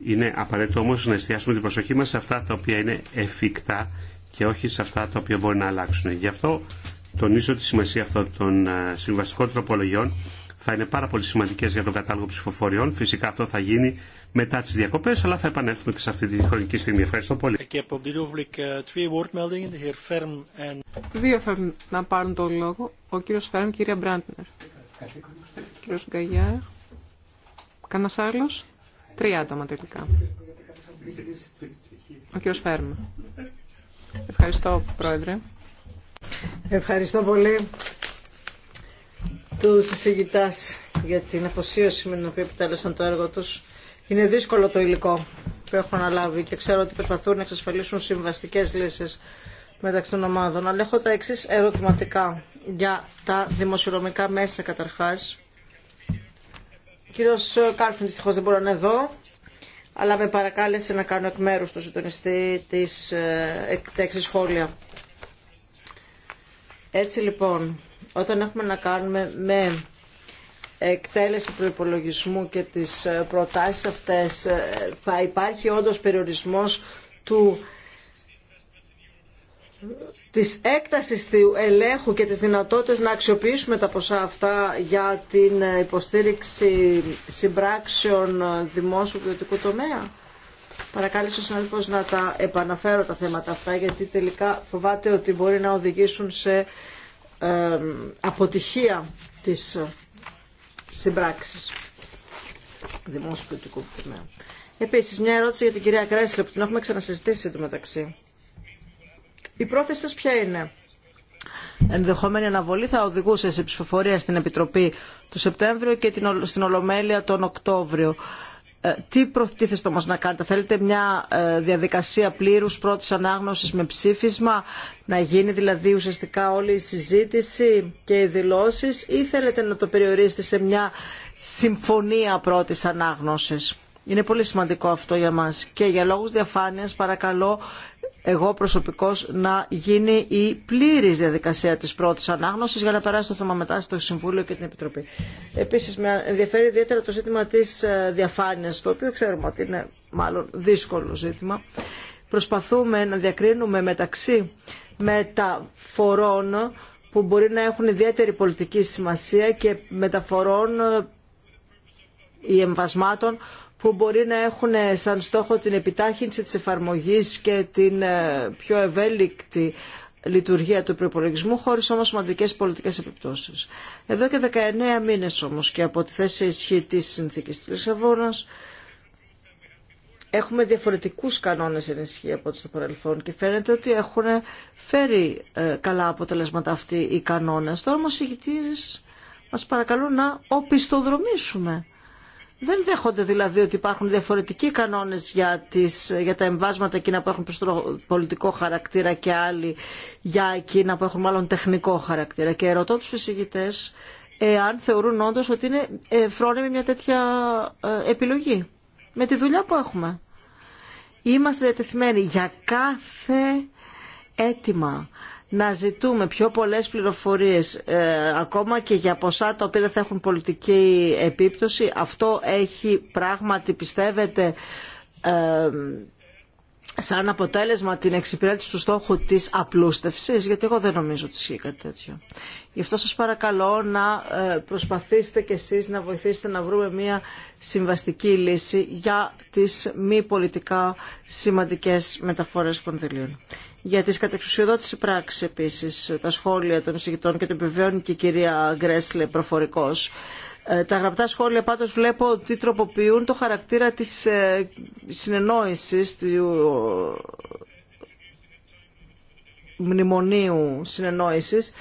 είναι απαραίτητο όμως να εστιάσουμε την προσοχή μας σε αυτά τα οποία είναι εφικτά και όχι σε αυτά τα οποία μπορεί να αλλάξουν. Γι' αυτό τονίζω τη σημασία αυτών των ε, συμβαστικών τροπολογιών θα είναι πάρα πολύ σημαντικέ για τον κατάλογο ψηφοφοριών. Φυσικά αυτό θα γίνει μετά τι διακοπέ, αλλά θα επανέλθουμε και σε αυτή τη χρονική στιγμή. Ευχαριστώ πολύ. Uh, Δύο να πάρουν λόγο. Ο κύριο Φέρμ και κυρία Μπράντνερ. Κύριο Κανένα άλλο. Τρία άτομα τελικά. Ο κύριος Φέρμα. Ευχαριστώ, Πρόεδρε. Ευχαριστώ πολύ τους συζητητά για την αφοσίωση με την οποία επιτέλεσαν το έργο τους. Είναι δύσκολο το υλικό που έχω αναλάβει και ξέρω ότι προσπαθούν να εξασφαλίσουν συμβαστικές λύσεις μεταξύ των ομάδων. Αλλά έχω τα εξή ερωτηματικά για τα δημοσιονομικά μέσα καταρχάς κύριος Κάλφιν δυστυχώ δεν μπορεί να είναι εδώ, αλλά με παρακάλεσε να κάνω εκ μέρους του συντονιστή της ε, εκτέξης σχόλια. Έτσι λοιπόν, όταν έχουμε να κάνουμε με εκτέλεση προϋπολογισμού και τις ε, προτάσεις αυτές, ε, θα υπάρχει όντως περιορισμός του της έκτασης του ελέγχου και της δυνατότητας να αξιοποιήσουμε τα ποσά αυτά για την υποστήριξη συμπράξεων δημόσιου ιδιωτικού τομέα. Παρακάλεσε ο συνάδελφος να τα επαναφέρω τα θέματα αυτά γιατί τελικά φοβάται ότι μπορεί να οδηγήσουν σε αποτυχία της συμπράξης δημόσιου ιδιωτικού τομέα. Επίσης μια ερώτηση για την κυρία Κρέσλε που την έχουμε ξανασυζητήσει εντωμεταξύ. μεταξύ η πρόθεση σας ποια είναι. Ενδεχόμενη αναβολή θα οδηγούσε σε ψηφοφορία στην Επιτροπή το Σεπτέμβριο και στην Ολομέλεια τον Οκτώβριο. Ε, τι προτίθεστε όμως να κάνετε, θέλετε μια ε, διαδικασία πλήρους πρώτης ανάγνωσης με ψήφισμα, να γίνει δηλαδή ουσιαστικά όλη η συζήτηση και οι δηλώσεις ή θέλετε να το περιορίσετε σε μια συμφωνία πρώτης ανάγνωσης. Είναι πολύ σημαντικό αυτό για μας και για λόγους διαφάνειας παρακαλώ εγώ προσωπικώς να γίνει η πλήρης διαδικασία της πρώτης ανάγνωσης για να περάσει το θέμα μετά στο Συμβούλιο και την Επιτροπή. Επίσης με ενδιαφέρει ιδιαίτερα το ζήτημα της ε, διαφάνειας, το οποίο ξέρουμε ότι είναι μάλλον δύσκολο ζήτημα. Προσπαθούμε να διακρίνουμε μεταξύ μεταφορών που μπορεί να έχουν ιδιαίτερη πολιτική σημασία και μεταφορών ή ε, εμβασμάτων που μπορεί να έχουν σαν στόχο την επιτάχυνση της εφαρμογής και την ε, πιο ευέλικτη λειτουργία του προπολογισμού, χωρίς όμως σημαντικέ πολιτικές επιπτώσεις. Εδώ και 19 μήνες όμως και από τη θέση ισχύ τη συνθήκη τη έχουμε διαφορετικούς κανόνες ενισχύει από ό,τι στο παρελθόν και φαίνεται ότι έχουν φέρει ε, καλά αποτελέσματα αυτοί οι κανόνες. Τώρα όμως οι μας παρακαλούν να οπισθοδρομήσουμε δεν δέχονται δηλαδή ότι υπάρχουν διαφορετικοί κανόνες για, τις, για τα εμβάσματα εκείνα που έχουν πολιτικό χαρακτήρα και άλλοι για εκείνα που έχουν μάλλον τεχνικό χαρακτήρα. Και ερωτώ τους φυσικητές εάν θεωρούν όντω ότι είναι ε, φρόνιμη μια τέτοια ε, επιλογή. Με τη δουλειά που έχουμε. Είμαστε διατεθειμένοι για κάθε αίτημα να ζητούμε πιο πολλές πληροφορίες ε, ακόμα και για ποσά τα οποία θα έχουν πολιτική επίπτωση. Αυτό έχει πράγματι πιστεύετε ε, σαν αποτέλεσμα την εξυπηρέτηση του στόχου της απλούστευσης, γιατί εγώ δεν νομίζω ότι ισχύει κάτι τέτοιο. Γι' αυτό σας παρακαλώ να ε, προσπαθήσετε κι εσείς να βοηθήσετε να βρούμε μια συμβαστική λύση για τις μη πολιτικά σημαντικές μεταφορές κονδυλίων. Για τις κατεξουσιοδότηση πράξη επίσης, τα σχόλια των εισηγητών και το επιβεβαιώνει και η κυρία Γκρέσλε προφορικός. Ε, τα γραπτά σχόλια πάντως βλέπω ότι τροποποιούν το χαρακτήρα της ε, συνεννόησης του ε, μνημονίου συνεννόησης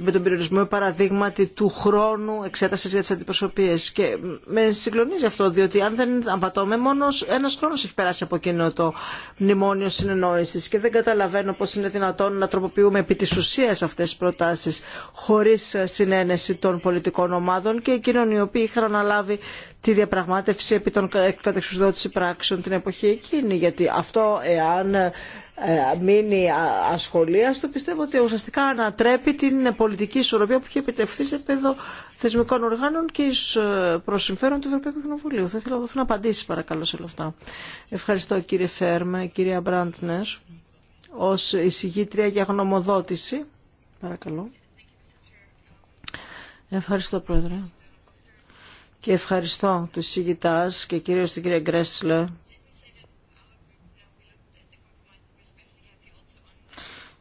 με τον περιορισμό παραδείγματι του χρόνου εξέταση για τι αντιπροσωπίε. Και με συγκλονίζει αυτό, διότι αν δεν απατώμε μόνο ένα χρόνο έχει περάσει από εκείνο το μνημόνιο συνεννόηση. και δεν καταλαβαίνω πώ είναι δυνατόν να τροποποιούμε επί τη ουσία αυτέ τι προτάσει χωρί συνένεση των πολιτικών ομάδων και εκείνων οι οποίοι είχαν αναλάβει τη διαπραγμάτευση επί των κατεξουσδότηση πράξεων την εποχή εκείνη. Γιατί αυτό εάν ε, μείνει του, πιστεύω ότι ουσιαστικά ανατρέπει την πολιτική ισορροπία που έχει επιτευχθεί σε επίπεδο θεσμικών οργάνων και ει ε, προσυμφέρον του Ευρωπαϊκού Κοινοβουλίου. Θα ήθελα να απαντήσει, παρακαλώ σε όλα αυτά. Ευχαριστώ κύριε Φέρμε, κυρία Μπραντνερ, ως εισηγήτρια για γνωμοδότηση. Παρακαλώ. Ευχαριστώ πρόεδρε. Και ευχαριστώ τους εισηγητάς και κυρίως την κυρία Γκρέσλε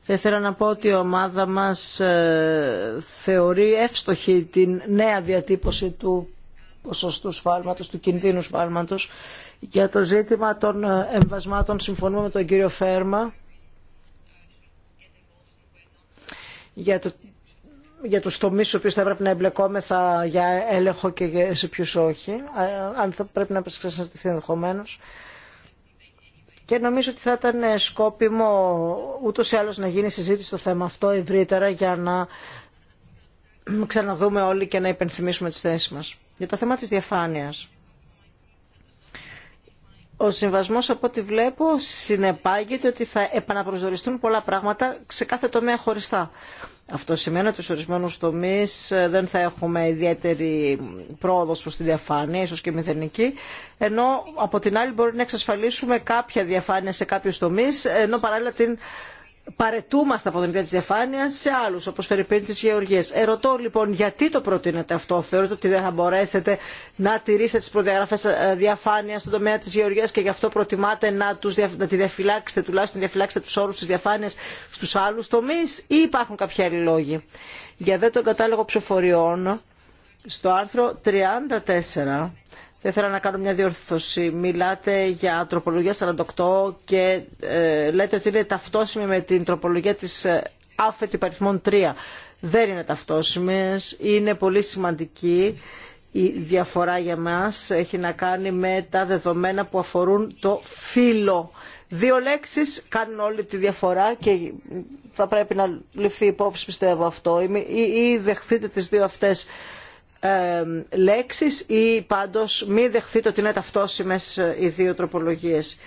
Θα ήθελα να πω ότι η ομάδα μας ε, θεωρεί εύστοχη την νέα διατύπωση του ποσοστού σφάλματος, του κινδύνου σφάλματος. Για το ζήτημα των ε, εμβασμάτων συμφωνούμε με τον κύριο Φέρμα. Για, το, για τους τομείς στους οποίους θα έπρεπε να εμπλεκόμεθα για έλεγχο και σε ποιους όχι. Ε, αν θα πρέπει να επεξεργαστεί ενδεχομένω και νομίζω ότι θα ήταν ε, σκόπιμο ούτως ή άλλως να γίνει συζήτηση στο θέμα αυτό ευρύτερα για να <clears throat> ξαναδούμε όλοι και να υπενθυμίσουμε τις θέσεις μας. Για το θέμα της διαφάνειας ο συμβασμό, από ό,τι βλέπω συνεπάγεται ότι θα επαναπροσδοριστούν πολλά πράγματα σε κάθε τομέα χωριστά. Αυτό σημαίνει ότι στου ορισμένους τομείς ε, δεν θα έχουμε ιδιαίτερη πρόοδος προς τη διαφάνεια, ίσω και μηδενική, ενώ από την άλλη μπορεί να εξασφαλίσουμε κάποια διαφάνεια σε κάποιου τομείς, ενώ παράλληλα την παρετούμαστε από την ιδέα της διαφάνειας σε άλλους, όπως Φερρυπίν της Γεωργίας. Ερωτώ λοιπόν γιατί το προτείνετε αυτό. Θεωρείτε ότι δεν θα μπορέσετε να τηρήσετε τις προδιαγραφές ε, διαφάνειας στον τομέα της Γεωργίας και γι' αυτό προτιμάτε να, τους, να τη διαφυλάξετε, τουλάχιστον να διαφυλάξετε τους όρους της διαφάνειας στους άλλους τομείς ή υπάρχουν κάποιοι άλλοι λόγοι. Για δε τον κατάλογο ψηφοριών, στο άρθρο 34 θα ήθελα να κάνω μια διορθώση. Μιλάτε για τροπολογία 48 και ε, λέτε ότι είναι ταυτόσιμη με την τροπολογία της άφετη ε, παριθμών 3. Δεν είναι ταυτόσιμες, είναι πολύ σημαντική. Η διαφορά για μας έχει να κάνει με τα δεδομένα που αφορούν το φύλλο. Δύο λέξεις κάνουν όλη τη διαφορά και θα πρέπει να ληφθεί υπόψη πιστεύω αυτό. Ή δεχθείτε τις δύο αυτές λέξεις ή πάντως μη δεχθείτε ότι είναι ταυτόσιμες ε, οι δύο τροπολογίες.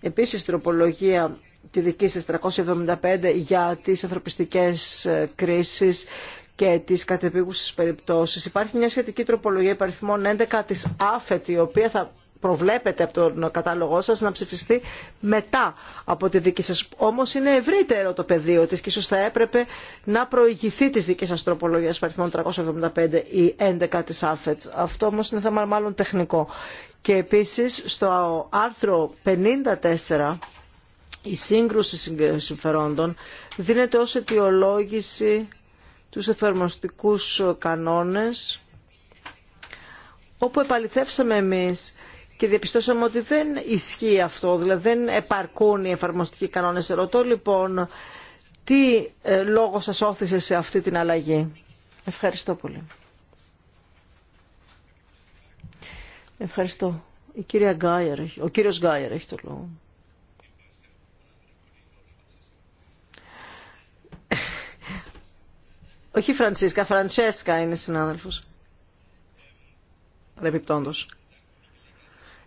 Επίσης, τροπολογία τη δική σας 375 για τις ανθρωπιστικές ε, κρίσεις και τις κατεπίγουσες περιπτώσεις. Υπάρχει μια σχετική τροπολογία υπαριθμών 11 της ΑΦΕΤ, η οποία θα προβλέπετε από τον κατάλογό σας να ψηφιστεί μετά από τη δική σας. Όμως είναι ευρύτερο το πεδίο της και ίσως θα έπρεπε να προηγηθεί της δικής σας τροπολογίας παριθμών 375 ή 11 της ΑΦΕΤ. Αυτό όμως είναι θέμα μάλλον τεχνικό. Και επίσης στο άρθρο 54 η σύγκρουση συμφερόντων δίνεται ως αιτιολόγηση τους εφαρμοστικούς κανόνες όπου επαληθεύσαμε εμείς και διαπιστώσαμε ότι δεν ισχύει αυτό, δηλαδή δεν επαρκούν οι εφαρμοστικοί κανόνες. Ρωτώ λοιπόν τι ε, λόγο σας όθησε σε αυτή την αλλαγή. Ευχαριστώ πολύ. Ευχαριστώ. Η κυρία Γκάιερ, ο κύριος Γκάιερ έχει το λόγο. Όχι Φραντσίσκα, Φραντσέσκα είναι συνάδελφος. Ρεπιπτόντος.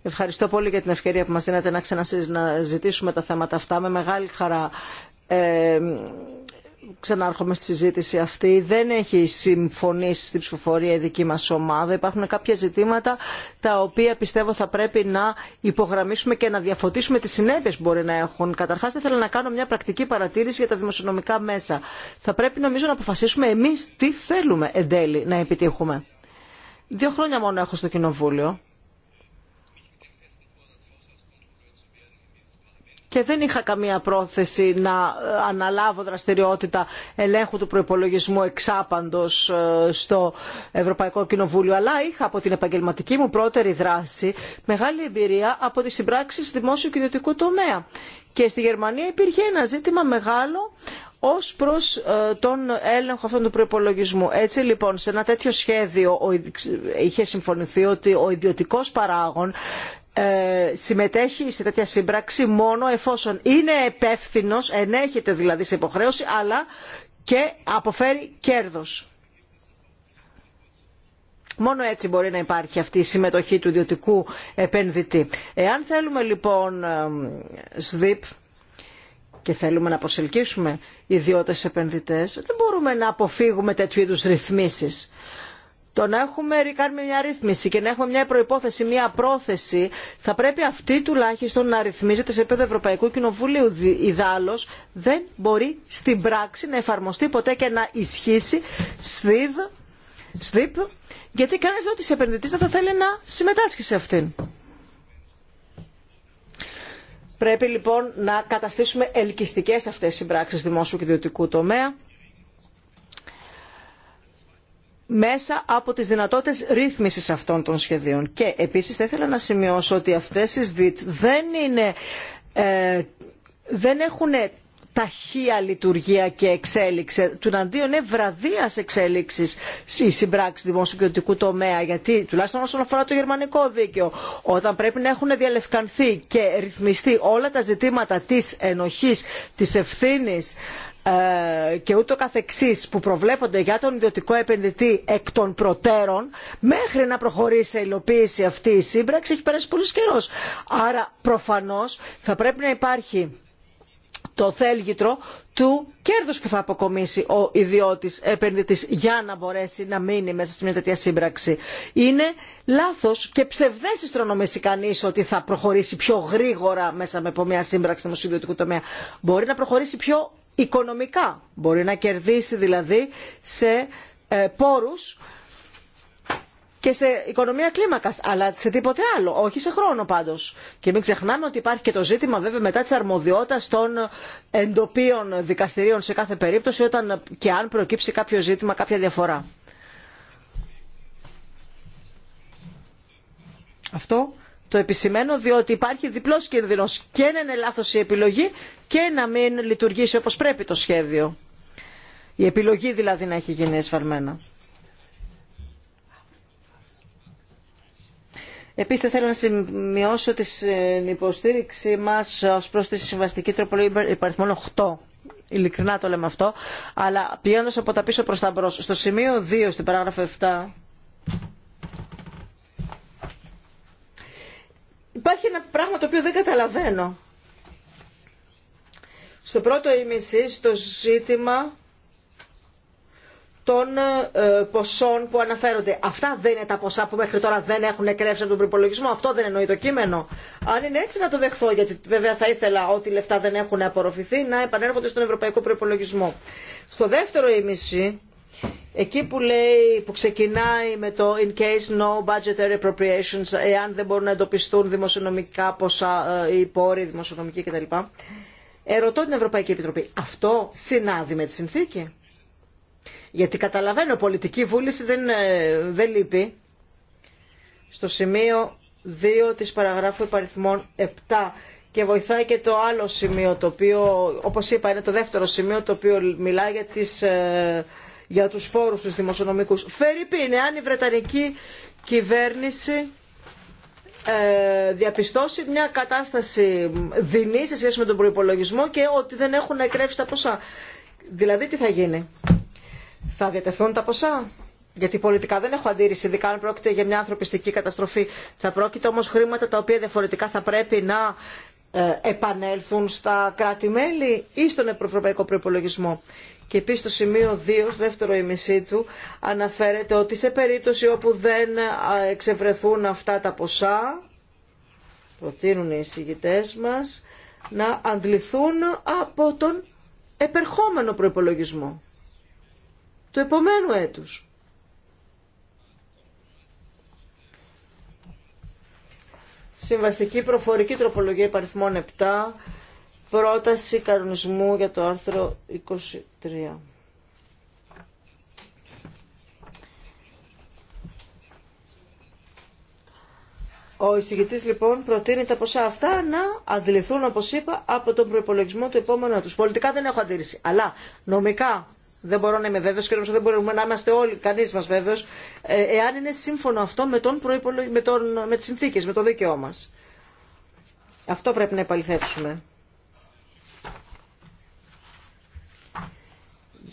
Ευχαριστώ πολύ για την ευκαιρία που μας δίνετε να ξαναζητήσουμε τα θέματα αυτά. Με μεγάλη χαρά ε, ξανάρχομαι στη συζήτηση αυτή. Δεν έχει συμφωνήσει στην ψηφοφορία η δική μας ομάδα. Υπάρχουν κάποια ζητήματα τα οποία πιστεύω θα πρέπει να υπογραμμίσουμε και να διαφωτίσουμε τις συνέπειες που μπορεί να έχουν. Καταρχάς θα ήθελα να κάνω μια πρακτική παρατήρηση για τα δημοσιονομικά μέσα. Θα πρέπει νομίζω να αποφασίσουμε εμείς τι θέλουμε εν τέλει να επιτύχουμε. Δύο χρόνια μόνο έχω στο Κοινοβούλιο και δεν είχα καμία πρόθεση να ε, αναλάβω δραστηριότητα ελέγχου του προπολογισμού εξάπαντος ε, στο Ευρωπαϊκό Κοινοβούλιο. Αλλά είχα από την επαγγελματική μου πρώτερη δράση μεγάλη εμπειρία από τις συμπράξει δημόσιου και ιδιωτικού τομέα. Και στη Γερμανία υπήρχε ένα ζήτημα μεγάλο ως προς ε, τον έλεγχο αυτού του προϋπολογισμού. Έτσι λοιπόν σε ένα τέτοιο σχέδιο είχε συμφωνηθεί ότι ο ιδιωτικός παράγων ε, συμμετέχει σε τέτοια σύμπραξη μόνο εφόσον είναι υπεύθυνο, ενέχεται δηλαδή σε υποχρέωση, αλλά και αποφέρει κέρδος. Μόνο έτσι μπορεί να υπάρχει αυτή η συμμετοχή του ιδιωτικού επενδυτή. Εάν θέλουμε λοιπόν ε, ΣΔΙΠ και θέλουμε να προσελκύσουμε ιδιώτες επενδυτές, δεν μπορούμε να αποφύγουμε τέτοιου είδους ρυθμίσεις το να έχουμε κάνει μια ρύθμιση και να έχουμε μια προπόθεση, μια πρόθεση, θα πρέπει αυτή τουλάχιστον να ρυθμίζεται σε επίπεδο Ευρωπαϊκού Κοινοβουλίου. Ιδάλω δεν μπορεί στην πράξη να εφαρμοστεί ποτέ και να ισχύσει ΣΔΙΔ, ΣΔΙΠ, γιατί κανένα δότη επενδυτή δεν θα θέλει να συμμετάσχει σε αυτήν. Πρέπει λοιπόν να καταστήσουμε ελκυστικές αυτές οι πράξεις δημόσιου και ιδιωτικού τομέα μέσα από τις δυνατότητες ρύθμισης αυτών των σχεδίων. Και επίσης θα ήθελα να σημειώσω ότι αυτές οι ΣΔΙΤ δεν, είναι, ε, δεν έχουν ταχεία λειτουργία και εξέλιξη. Τουναντίον είναι βραδία εξέλιξη η συμπράξη δημόσιου και τομέα. Γιατί, τουλάχιστον όσον αφορά το γερμανικό δίκαιο, όταν πρέπει να έχουν διαλευκανθεί και ρυθμιστεί όλα τα ζητήματα τη ενοχή, τη ευθύνη, ε, και ούτω καθεξής που προβλέπονται για τον ιδιωτικό επενδυτή εκ των προτέρων μέχρι να προχωρήσει η υλοποίηση αυτή η σύμπραξη έχει περάσει πολύ καιρό. άρα προφανώς θα πρέπει να υπάρχει το θέλγητρο του κέρδους που θα αποκομίσει ο ιδιώτης επενδυτής για να μπορέσει να μείνει μέσα σε μια τέτοια σύμπραξη. Είναι λάθος και ψευδές ιστρονομήσει κανείς ότι θα προχωρήσει πιο γρήγορα μέσα από μια σύμπραξη του ιδιωτικού τομέα. Μπορεί να προχωρήσει πιο οικονομικά. Μπορεί να κερδίσει δηλαδή σε ε, πόρους και σε οικονομία κλίμακα, αλλά σε τίποτε άλλο, όχι σε χρόνο πάντως. Και μην ξεχνάμε ότι υπάρχει και το ζήτημα βέβαια μετά τη αρμοδιότητας των εντοπίων δικαστηρίων σε κάθε περίπτωση, όταν και αν προκύψει κάποιο ζήτημα, κάποια διαφορά. Αυτό το επισημαίνω διότι υπάρχει διπλός κίνδυνος και να είναι λάθος η επιλογή και να μην λειτουργήσει όπως πρέπει το σχέδιο. Η επιλογή δηλαδή να έχει γίνει εσφαλμένα. Επίσης θέλω να σημειώσω την υποστήριξη μας ως προς τη συμβαστική τροπολογία υπαριθμών 8. Ειλικρινά το λέμε αυτό. Αλλά πηγαίνοντα από τα πίσω προ τα μπρο, Στο σημείο 2, στην παράγραφο 7, υπάρχει ένα πράγμα το οποίο δεν καταλαβαίνω. Στο πρώτο ήμιση, στο ζήτημα των ε, ποσών που αναφέρονται. Αυτά δεν είναι τα ποσά που μέχρι τώρα δεν έχουν κρέψει από τον προπολογισμό. Αυτό δεν εννοεί το κείμενο. Αν είναι έτσι να το δεχθώ, γιατί βέβαια θα ήθελα ό,τι λεφτά δεν έχουν απορροφηθεί να επανέρχονται στον ευρωπαϊκό προπολογισμό. Στο δεύτερο ήμιση, Εκεί που, λέει, που ξεκινάει με το in case no budgetary appropriations, εάν δεν μπορούν να εντοπιστούν δημοσιονομικά ποσά, ε, οι πόροι δημοσιονομικοί κτλ. Ερωτώ την Ευρωπαϊκή Επιτροπή, αυτό συνάδει με τη συνθήκη. Γιατί καταλαβαίνω, πολιτική βούληση δεν, ε, δεν λείπει. Στο σημείο 2 της παραγράφου υπαριθμών 7 και βοηθάει και το άλλο σημείο το οποίο, όπως είπα, είναι το δεύτερο σημείο το οποίο μιλάει για τις ε, για τους φόρους τους δημοσιονομικούς. είναι αν η Βρετανική κυβέρνηση ε, διαπιστώσει μια κατάσταση δεινή σε σχέση με τον προϋπολογισμό και ότι δεν έχουν εκρέψει τα ποσά. Δηλαδή τι θα γίνει. Θα διατεθούν τα ποσά. Γιατί πολιτικά δεν έχω αντίρρηση, ειδικά αν πρόκειται για μια ανθρωπιστική καταστροφή. Θα πρόκειται όμως χρήματα τα οποία διαφορετικά θα πρέπει να ε, επανέλθουν στα κράτη-μέλη ή στον ευρωπαϊκό προϋπολογισμό. Και επίση το σημείο 2, δεύτερο ημισή του, αναφέρεται ότι σε περίπτωση όπου δεν εξευρεθούν αυτά τα ποσά, προτείνουν οι εισηγητές μας, να αντληθούν από τον επερχόμενο προϋπολογισμό του επομένου έτους. Συμβαστική προφορική τροπολογία υπαριθμών 7 πρόταση κανονισμού για το άρθρο 23. Ο εισηγητής λοιπόν προτείνει τα ποσά αυτά να αντιληφθούν όπως είπα από τον προπολογισμό του επόμενου τους. Πολιτικά δεν έχω αντίρρηση, αλλά νομικά δεν μπορώ να είμαι βέβαιος και δεν μπορούμε να είμαστε όλοι, κανείς μας βέβαιος, ε, εάν είναι σύμφωνο αυτό με, τον συνθήκε, με, τον... με τις συνθήκες, με το δίκαιό μας. Αυτό πρέπει να επαληθεύσουμε.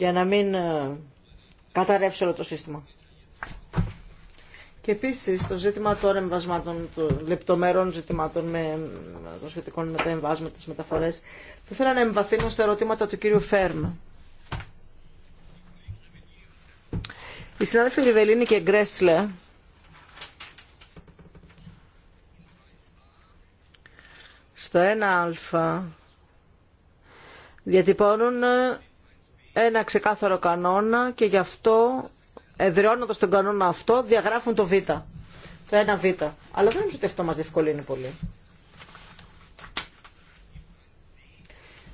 για να μην ε, καταρρεύσει όλο το σύστημα. Και επίση το ζήτημα των εμβασμάτων, των λεπτομερών ζητημάτων με, των σχετικών με τα εμβάσματα, τι μεταφορέ, θα ήθελα να εμβαθύνω στα ερωτήματα του κύριου Φέρμ. Οι συνάδελφοι Ριβελίνη και Γκρέσλε στο 1α διατυπώνουν ε, ένα ξεκάθαρο κανόνα και γι' αυτό εδραιώνοντας τον κανόνα αυτό διαγράφουν το β. Το ένα β. Αλλά δεν νομίζω ότι αυτό μας διευκολύνει πολύ.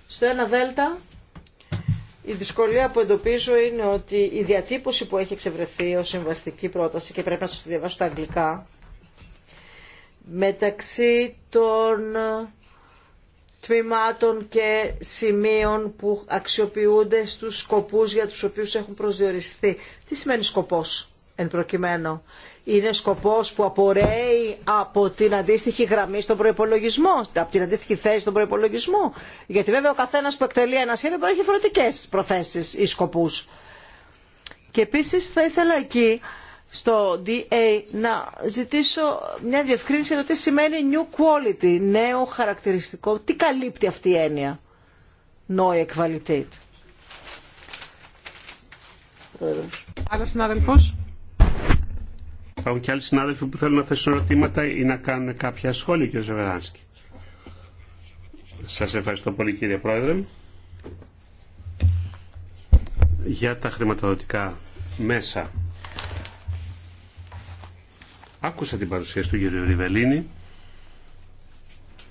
Στο ένα δέλτα η δυσκολία που εντοπίζω είναι ότι η διατύπωση που έχει εξευρεθεί ως συμβαστική πρόταση και πρέπει να σας το διαβάσω στα αγγλικά μεταξύ των τμήματων και σημείων που αξιοποιούνται στους σκοπούς για τους οποίους έχουν προσδιοριστεί. Τι σημαίνει σκοπός εν προκειμένου. Είναι σκοπός που απορρέει από την αντίστοιχη γραμμή στον προϋπολογισμό, από την αντίστοιχη θέση στον προϋπολογισμό. Γιατί βέβαια ο καθένας που εκτελεί ένα σχέδιο μπορεί να έχει προθέσεις ή σκοπούς. Και επίσης θα ήθελα εκεί στο DA να ζητήσω μια διευκρίνηση για το τι σημαίνει new quality, νέο χαρακτηριστικό. Τι καλύπτει αυτή η έννοια. Neue Qualität. Άλλο συνάδελφο. Υπάρχουν και άλλοι συνάδελφοι που θέλουν να θέσουν ερωτήματα ή να κάνουν κάποια σχόλια, κύριε Ζεβεράνσκι. Σας ευχαριστώ πολύ κύριε Πρόεδρε. Για τα χρηματοδοτικά μέσα Άκουσα την παρουσίαση του κ. Ριβελίνη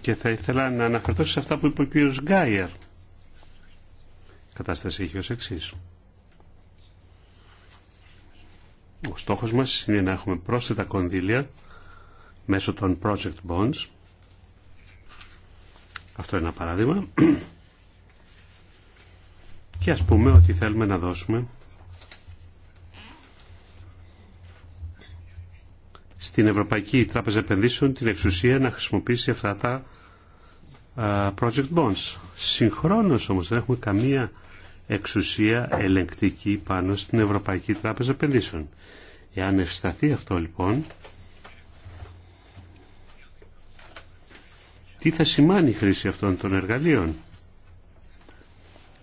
και θα ήθελα να αναφερθώ σε αυτά που είπε ο κ. Γκάιερ. Η κατάσταση έχει Ο στόχος μας είναι να έχουμε πρόσθετα κονδύλια μέσω των project bonds. Αυτό είναι ένα παράδειγμα. Και ας πούμε ότι θέλουμε να δώσουμε στην Ευρωπαϊκή Τράπεζα Επενδύσεων την εξουσία να χρησιμοποιήσει αυτά τα project bonds. Συγχρόνως όμως δεν έχουμε καμία εξουσία ελεγκτική πάνω στην Ευρωπαϊκή Τράπεζα Επενδύσεων. Εάν ευσταθεί αυτό λοιπόν, τι θα σημάνει η χρήση αυτών των εργαλείων.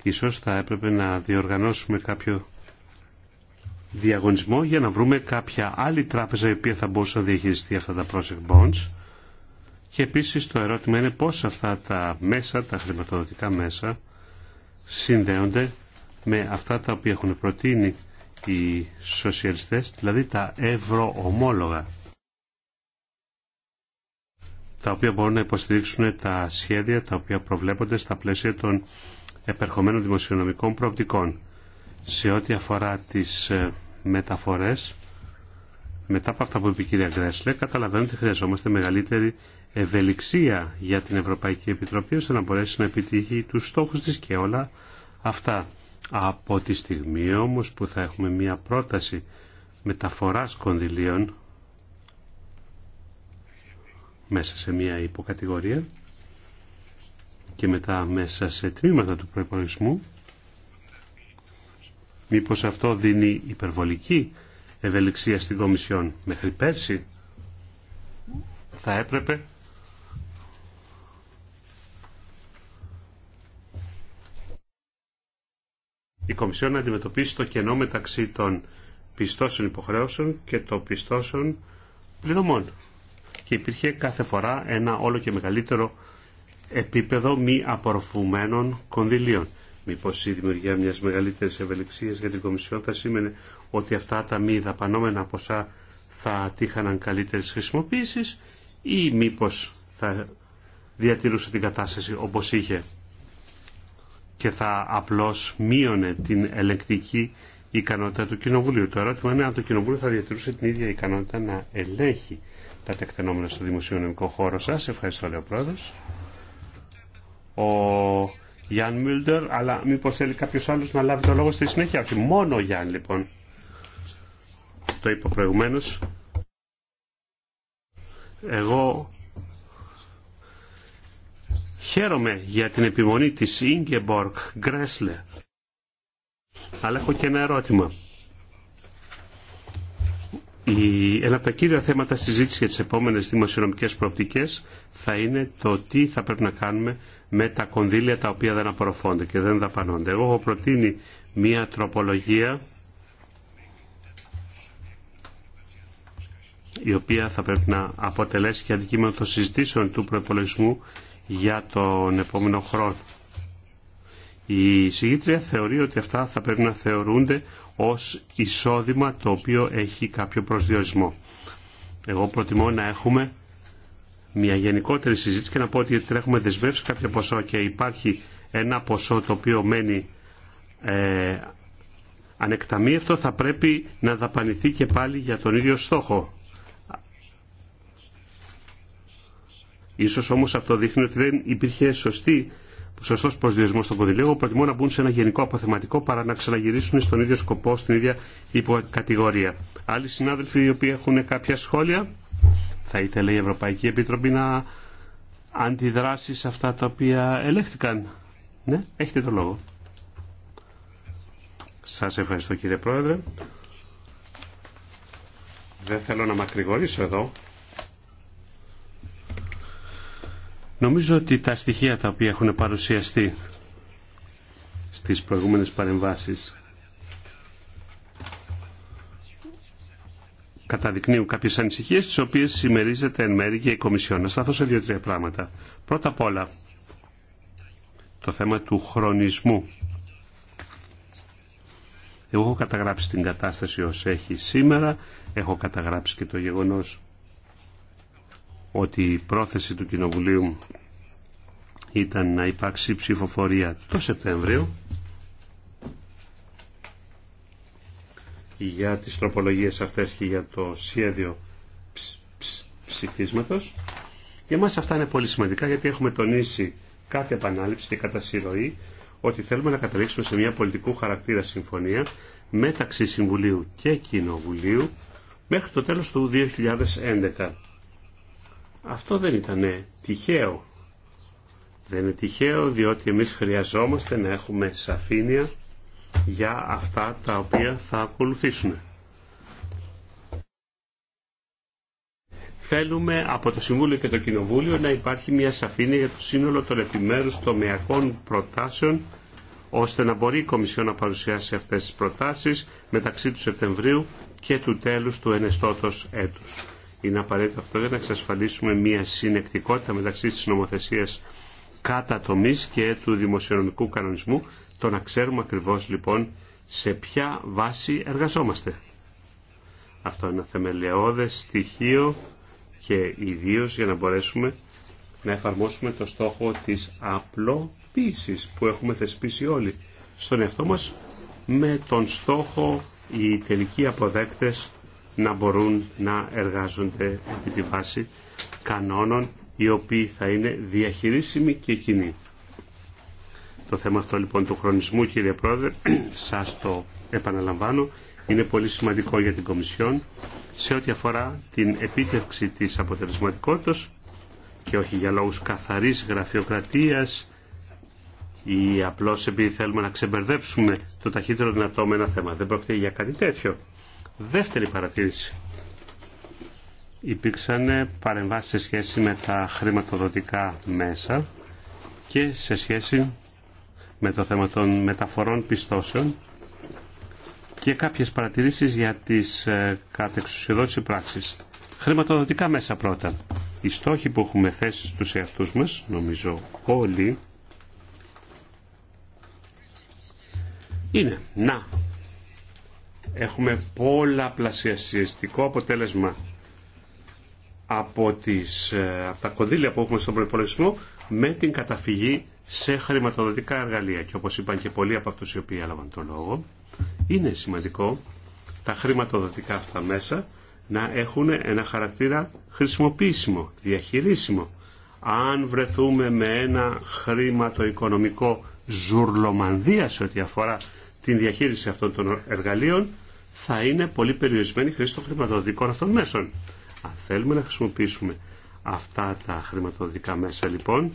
Ίσως θα έπρεπε να διοργανώσουμε κάποιο διαγωνισμό για να βρούμε κάποια άλλη τράπεζα η οποία θα μπορούσε να διαχειριστεί αυτά τα project bonds. Και επίσης το ερώτημα είναι πώς αυτά τα μέσα, τα χρηματοδοτικά μέσα, συνδέονται με αυτά τα οποία έχουν προτείνει οι σοσιαλιστές, δηλαδή τα ευρωομόλογα, τα οποία μπορούν να υποστηρίξουν τα σχέδια τα οποία προβλέπονται στα πλαίσια των επερχομένων δημοσιονομικών προοπτικών. Σε ό,τι αφορά τις ε, μεταφορές, μετά από αυτά που είπε η κυρία Γκρέσλε, καταλαβαίνω ότι χρειαζόμαστε μεγαλύτερη ευελιξία για την Ευρωπαϊκή Επιτροπή ώστε να μπορέσει να επιτύχει τους στόχους της και όλα αυτά. Από τη στιγμή όμως που θα έχουμε μία πρόταση μεταφοράς κονδυλίων μέσα σε μία υποκατηγορία και μετά μέσα σε τμήματα του προϋπολογισμού Μήπως αυτό δίνει υπερβολική ευελιξία στην Κομισιόν. Μέχρι πέρσι θα έπρεπε η Κομισιόν να αντιμετωπίσει το κενό μεταξύ των πιστώσεων υποχρέωσεων και των πιστώσεων πληρωμών. Και υπήρχε κάθε φορά ένα όλο και μεγαλύτερο επίπεδο μη απορροφουμένων κονδυλίων. Μήπω η δημιουργία μια μεγαλύτερη ευελιξία για την Κομισιόν θα σήμαινε ότι αυτά τα μη δαπανόμενα ποσά θα τύχαναν καλύτερη χρησιμοποίηση ή μήπω θα διατηρούσε την κατάσταση όπω είχε και θα απλώ μείωνε την ελεκτική ικανότητα του Κοινοβουλίου. Το ερώτημα είναι αν το Κοινοβούλιο θα διατηρούσε την ίδια ικανότητα να ελέγχει τα τεκτενόμενα στο δημοσιονομικό χώρο σα. Ευχαριστώ, πρόεδρο. Ο Γιάνν Μιλντερ αλλά μήπω θέλει κάποιο άλλος να λάβει το λόγο στη συνέχεια. Όχι, μόνο ο Γιάνν λοιπόν. Το είπα προηγουμένω. Εγώ χαίρομαι για την επιμονή της Ingeborg Γκρέσλε. Αλλά έχω και ένα ερώτημα ένα από τα κύρια θέματα συζήτηση για τι επόμενες δημοσιονομικέ προοπτικέ θα είναι το τι θα πρέπει να κάνουμε με τα κονδύλια τα οποία δεν απορροφώνται και δεν δαπανώνται. Εγώ έχω προτείνει μία τροπολογία η οποία θα πρέπει να αποτελέσει και αντικείμενο των συζητήσεων του προπολογισμού για τον επόμενο χρόνο. Η συγγήτρια θεωρεί ότι αυτά θα πρέπει να θεωρούνται ως εισόδημα το οποίο έχει κάποιο προσδιορισμό. Εγώ προτιμώ να έχουμε μια γενικότερη συζήτηση και να πω ότι έχουμε δεσμεύσει κάποια ποσό και υπάρχει ένα ποσό το οποίο μένει ε, θα πρέπει να δαπανηθεί και πάλι για τον ίδιο στόχο. Ίσως όμως αυτό δείχνει ότι δεν υπήρχε σωστή σωστό προσδιορισμό το κονδυλίων, προτιμώ να μπουν σε ένα γενικό αποθεματικό παρά να ξαναγυρίσουν στον ίδιο σκοπό, στην ίδια υποκατηγορία. Άλλοι συνάδελφοι οι οποίοι έχουν κάποια σχόλια, θα ήθελε η Ευρωπαϊκή Επιτροπή να αντιδράσει σε αυτά τα οποία ελέγχθηκαν. Ναι, έχετε το λόγο. Σας ευχαριστώ κύριε Πρόεδρε. Δεν θέλω να μακρηγορήσω εδώ, Νομίζω ότι τα στοιχεία τα οποία έχουν παρουσιαστεί στις προηγούμενες παρεμβάσεις καταδεικνύουν κάποιες ανησυχίες τις οποίες συμμερίζεται εν μέρη και η Κομισιόν. Να σταθώ σε δύο-τρία πράγματα. Πρώτα απ' όλα, το θέμα του χρονισμού. Εγώ έχω καταγράψει την κατάσταση ως έχει σήμερα, έχω καταγράψει και το γεγονός ότι η πρόθεση του Κοινοβουλίου ήταν να υπάρξει ψηφοφορία το Σεπτέμβριο για τις τροπολογίες αυτές και για το σχέδιο ψηφίσματος. Για μας αυτά είναι πολύ σημαντικά γιατί έχουμε τονίσει κάθε επανάληψη και κατά συρροή ότι θέλουμε να καταλήξουμε σε μια πολιτικού χαρακτήρα συμφωνία μεταξύ Συμβουλίου και Κοινοβουλίου μέχρι το τέλος του 2011. Αυτό δεν ήταν τυχαίο. Δεν είναι τυχαίο διότι εμείς χρειαζόμαστε να έχουμε σαφήνεια για αυτά τα οποία θα ακολουθήσουμε. Θέλουμε από το Συμβούλιο και το Κοινοβούλιο να υπάρχει μια σαφήνεια για το σύνολο των επιμέρους τομεακών προτάσεων ώστε να μπορεί η Κομισιό να παρουσιάσει αυτές τις προτάσεις μεταξύ του Σεπτεμβρίου και του τέλους του ενεστώτος έτους. Είναι απαραίτητο αυτό για να εξασφαλίσουμε μια συνεκτικότητα μεταξύ της νομοθεσίας κατά τομής και του δημοσιονομικού κανονισμού, το να ξέρουμε ακριβώς λοιπόν σε ποια βάση εργαζόμαστε. Αυτό είναι ένα θεμελιώδες στοιχείο και ιδίω για να μπορέσουμε να εφαρμόσουμε το στόχο της απλοποίησης που έχουμε θεσπίσει όλοι στον εαυτό μας με τον στόχο οι τελικοί αποδέκτες να μπορούν να εργάζονται επί τη βάση κανόνων οι οποίοι θα είναι διαχειρίσιμοι και κοινοί. Το θέμα αυτό λοιπόν του χρονισμού κύριε Πρόεδρε, <clears throat> σας το επαναλαμβάνω, είναι πολύ σημαντικό για την Κομισιόν σε ό,τι αφορά την επίτευξη της αποτελεσματικότητας και όχι για λόγους καθαρής γραφειοκρατίας ή απλώς επειδή θέλουμε να ξεμπερδέψουμε το ταχύτερο δυνατό με ένα θέμα. Δεν πρόκειται για κάτι τέτοιο. Δεύτερη παρατήρηση. Υπήρξαν παρεμβάσεις σε σχέση με τα χρηματοδοτικά μέσα και σε σχέση με το θέμα των μεταφορών πιστώσεων και κάποιες παρατηρήσεις για τις ε, κατεξουσιοδότηση πράξεις. Χρηματοδοτικά μέσα πρώτα. Οι στόχοι που έχουμε θέσει στους εαυτούς μας, νομίζω όλοι, είναι να έχουμε πολλαπλασιαστικό αποτέλεσμα από, τις, ε, από τα κονδύλια που έχουμε στον προπολογισμό με την καταφυγή σε χρηματοδοτικά εργαλεία. Και όπως είπαν και πολλοί από αυτούς οι οποίοι έλαβαν τον λόγο, είναι σημαντικό τα χρηματοδοτικά αυτά μέσα να έχουν ένα χαρακτήρα χρησιμοποιήσιμο, διαχειρίσιμο. Αν βρεθούμε με ένα χρηματοοικονομικό ζουρλομανδία σε ό,τι αφορά την διαχείριση αυτών των εργαλείων, θα είναι πολύ περιορισμένη η χρήση των χρηματοδοτικών αυτών μέσων. Αν θέλουμε να χρησιμοποιήσουμε αυτά τα χρηματοδοτικά μέσα λοιπόν,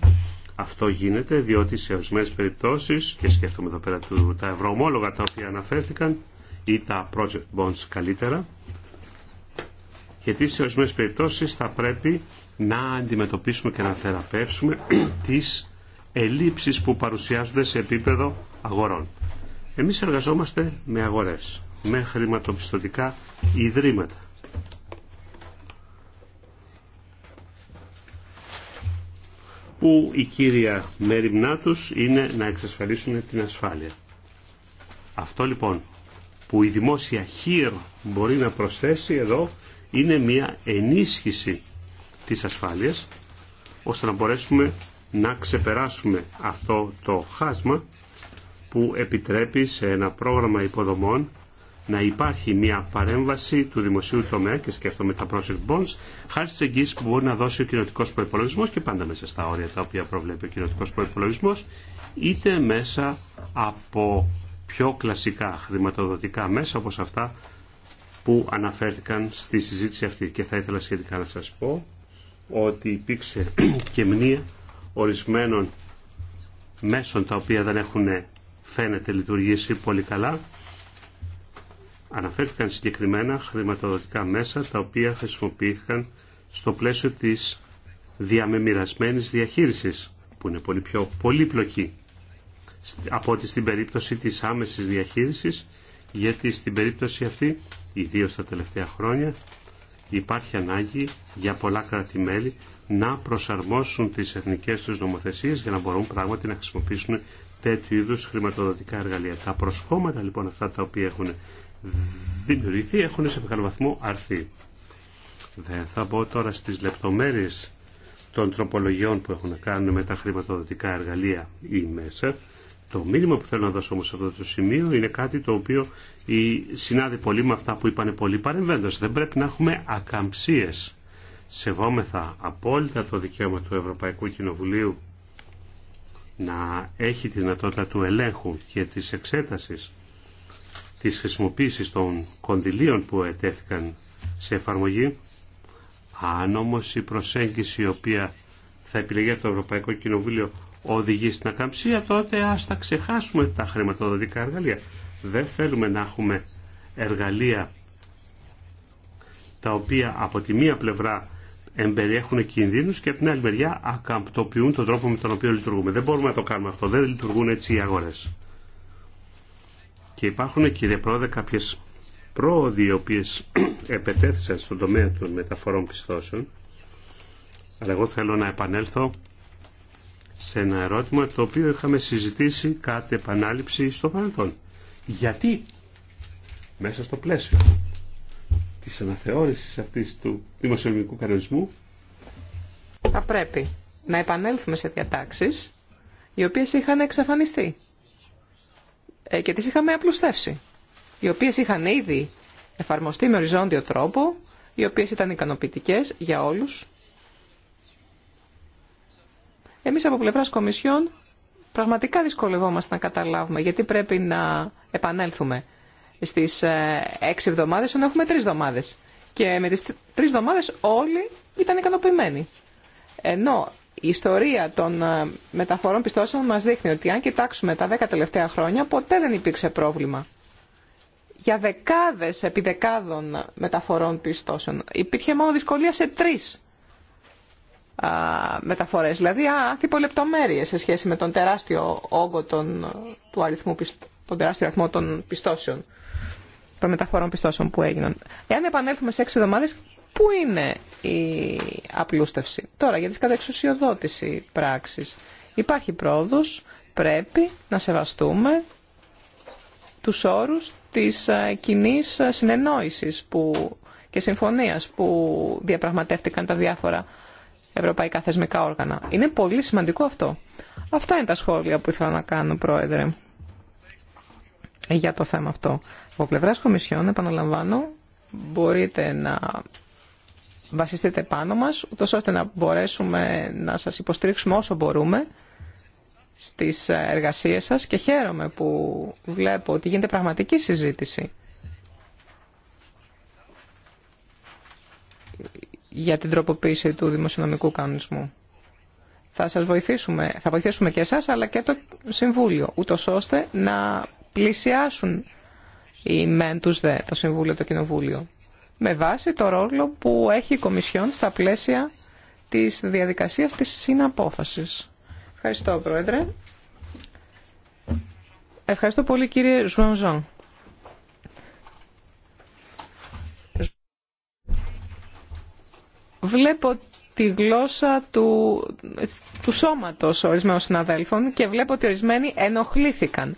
αυτό γίνεται διότι σε ορισμένε περιπτώσει, και σκέφτομαι εδώ πέρα του, τα ευρωομόλογα τα οποία αναφέρθηκαν, ή τα project bonds καλύτερα, γιατί σε ορισμένε περιπτώσει θα πρέπει να αντιμετωπίσουμε και να θεραπεύσουμε <clears throat> τις ελλείψεις που παρουσιάζονται σε επίπεδο αγορών. Εμείς εργαζόμαστε με αγορές με χρηματοπιστωτικά ιδρύματα. που η κύρια μέρημνά τους είναι να εξασφαλίσουν την ασφάλεια. Αυτό λοιπόν που η δημόσια χείρ μπορεί να προσθέσει εδώ είναι μια ενίσχυση της ασφάλειας ώστε να μπορέσουμε να ξεπεράσουμε αυτό το χάσμα που επιτρέπει σε ένα πρόγραμμα υποδομών να υπάρχει μια παρέμβαση του δημοσίου τομέα και σκέφτομαι τα project bonds χάρη στις εγγύσεις που μπορεί να δώσει ο κοινοτικό προπολογισμό και πάντα μέσα στα όρια τα οποία προβλέπει ο κοινοτικό προπολογισμό, είτε μέσα από πιο κλασικά χρηματοδοτικά μέσα όπως αυτά που αναφέρθηκαν στη συζήτηση αυτή. Και θα ήθελα σχετικά να σας πω ότι υπήρξε <clears throat> και μνήμα ορισμένων μέσων τα οποία δεν έχουν φαίνεται λειτουργήσει πολύ καλά Αναφέρθηκαν συγκεκριμένα χρηματοδοτικά μέσα τα οποία χρησιμοποιήθηκαν στο πλαίσιο της διαμεμοιρασμένης διαχείρισης που είναι πολύ πιο πολύπλοκη από ότι στην περίπτωση της άμεσης διαχείρισης γιατί στην περίπτωση αυτή, ιδίω τα τελευταία χρόνια, υπάρχει ανάγκη για πολλά κράτη-μέλη να προσαρμόσουν τις εθνικές τους νομοθεσίες για να μπορούν πράγματι να χρησιμοποιήσουν τέτοιου είδους χρηματοδοτικά εργαλεία. Τα προσχώματα λοιπόν αυτά τα οποία έχουν δημιουργηθεί έχουν σε μεγάλο βαθμό αρθεί. Δεν θα μπω τώρα στις λεπτομέρειες των τροπολογιών που έχουν να κάνουν με τα χρηματοδοτικά εργαλεία ή μέσα. Το μήνυμα που θέλω να δώσω όμως σε αυτό το σημείο είναι κάτι το οποίο συνάδει πολύ με αυτά που είπανε πολλοί παρεμβαίνοντας. Δεν πρέπει να έχουμε ακαμψίες. Σεβόμεθα απόλυτα το δικαίωμα του Ευρωπαϊκού Κοινοβουλίου να έχει τη δυνατότητα του ελέγχου και της εξέτασης της χρησιμοποίησης των κονδυλίων που ετέθηκαν σε εφαρμογή. Αν όμως η προσέγγιση η οποία θα επιλεγεί από το Ευρωπαϊκό Κοινοβούλιο οδηγεί στην ακαμψία, τότε ας τα ξεχάσουμε τα χρηματοδοτικά εργαλεία. Δεν θέλουμε να έχουμε εργαλεία τα οποία από τη μία πλευρά εμπεριέχουν κίνδυνους και από την άλλη μεριά ακαμπτοποιούν τον τρόπο με τον οποίο λειτουργούμε. Δεν μπορούμε να το κάνουμε αυτό. Δεν λειτουργούν έτσι οι αγορέ. Και υπάρχουν, κύριε Πρόεδρε, κάποιες πρόοδοι οι οποίες <clears throat> επετέθησαν στον τομέα των μεταφορών πιστώσεων. Αλλά εγώ θέλω να επανέλθω σε ένα ερώτημα το οποίο είχαμε συζητήσει κάτι επανάληψη στο παρελθόν. Γιατί μέσα στο πλαίσιο της αναθεώρησης αυτής του δημοσιονομικού κανονισμού θα πρέπει να επανέλθουμε σε διατάξεις οι οποίες είχαν εξαφανιστεί. Ε, και τις είχαμε απλουστεύσει, οι οποίες είχαν ήδη εφαρμοστεί με οριζόντιο τρόπο, οι οποίες ήταν ικανοποιητικές για όλους. Εμείς από πλευράς Κομισιόν πραγματικά δυσκολευόμαστε να καταλάβουμε γιατί πρέπει να επανέλθουμε στις ε, έξι εβδομάδες όταν έχουμε τρεις εβδομάδες. Και με τις τρεις εβδομάδες όλοι ήταν ικανοποιημένοι. Ενώ η ιστορία των ε, μεταφορών πιστώσεων μας δείχνει ότι αν κοιτάξουμε τα δέκα τελευταία χρόνια ποτέ δεν υπήρξε πρόβλημα. Για δεκάδες επί δεκάδων μεταφορών πιστώσεων υπήρχε μόνο δυσκολία σε τρεις α, μεταφορές, δηλαδή ανθιπολεπτομέρειες σε σχέση με τον τεράστιο όγκο των, του αριθμού, τον τεράστιο αριθμό των πιστώσεων των μεταφορών πιστώσεων που έγιναν. Εάν επανέλθουμε σε έξι εβδομάδες Πού είναι η απλούστευση. Τώρα, για τις κατεξουσιοδότηση πράξεις. Υπάρχει πρόοδος, πρέπει να σεβαστούμε τους όρους της ε, κοινή ε, συνεννόησης που, και συμφωνίας που διαπραγματεύτηκαν τα διάφορα ευρωπαϊκά θεσμικά όργανα. Είναι πολύ σημαντικό αυτό. Αυτά είναι τα σχόλια που ήθελα να κάνω, Πρόεδρε, για το θέμα αυτό. Από πλευράς Κομισιόν, επαναλαμβάνω, μπορείτε να βασιστείτε πάνω μας, ούτως ώστε να μπορέσουμε να σας υποστηρίξουμε όσο μπορούμε στις εργασίες σας και χαίρομαι που βλέπω ότι γίνεται πραγματική συζήτηση για την τροποποίηση του δημοσιονομικού κανονισμού. Θα σας βοηθήσουμε, θα βοηθήσουμε και εσάς αλλά και το Συμβούλιο, ούτω ώστε να πλησιάσουν οι μεν τους δε, το Συμβούλιο, το Κοινοβούλιο με βάση το ρόλο που έχει η Κομισιόν στα πλαίσια της διαδικασίας της συναπόφασης. Ευχαριστώ, Πρόεδρε. Ευχαριστώ πολύ, κύριε Ζουανζόν. Βλέπω τη γλώσσα του, του σώματος ορισμένων συναδέλφων και βλέπω ότι ορισμένοι ενοχλήθηκαν.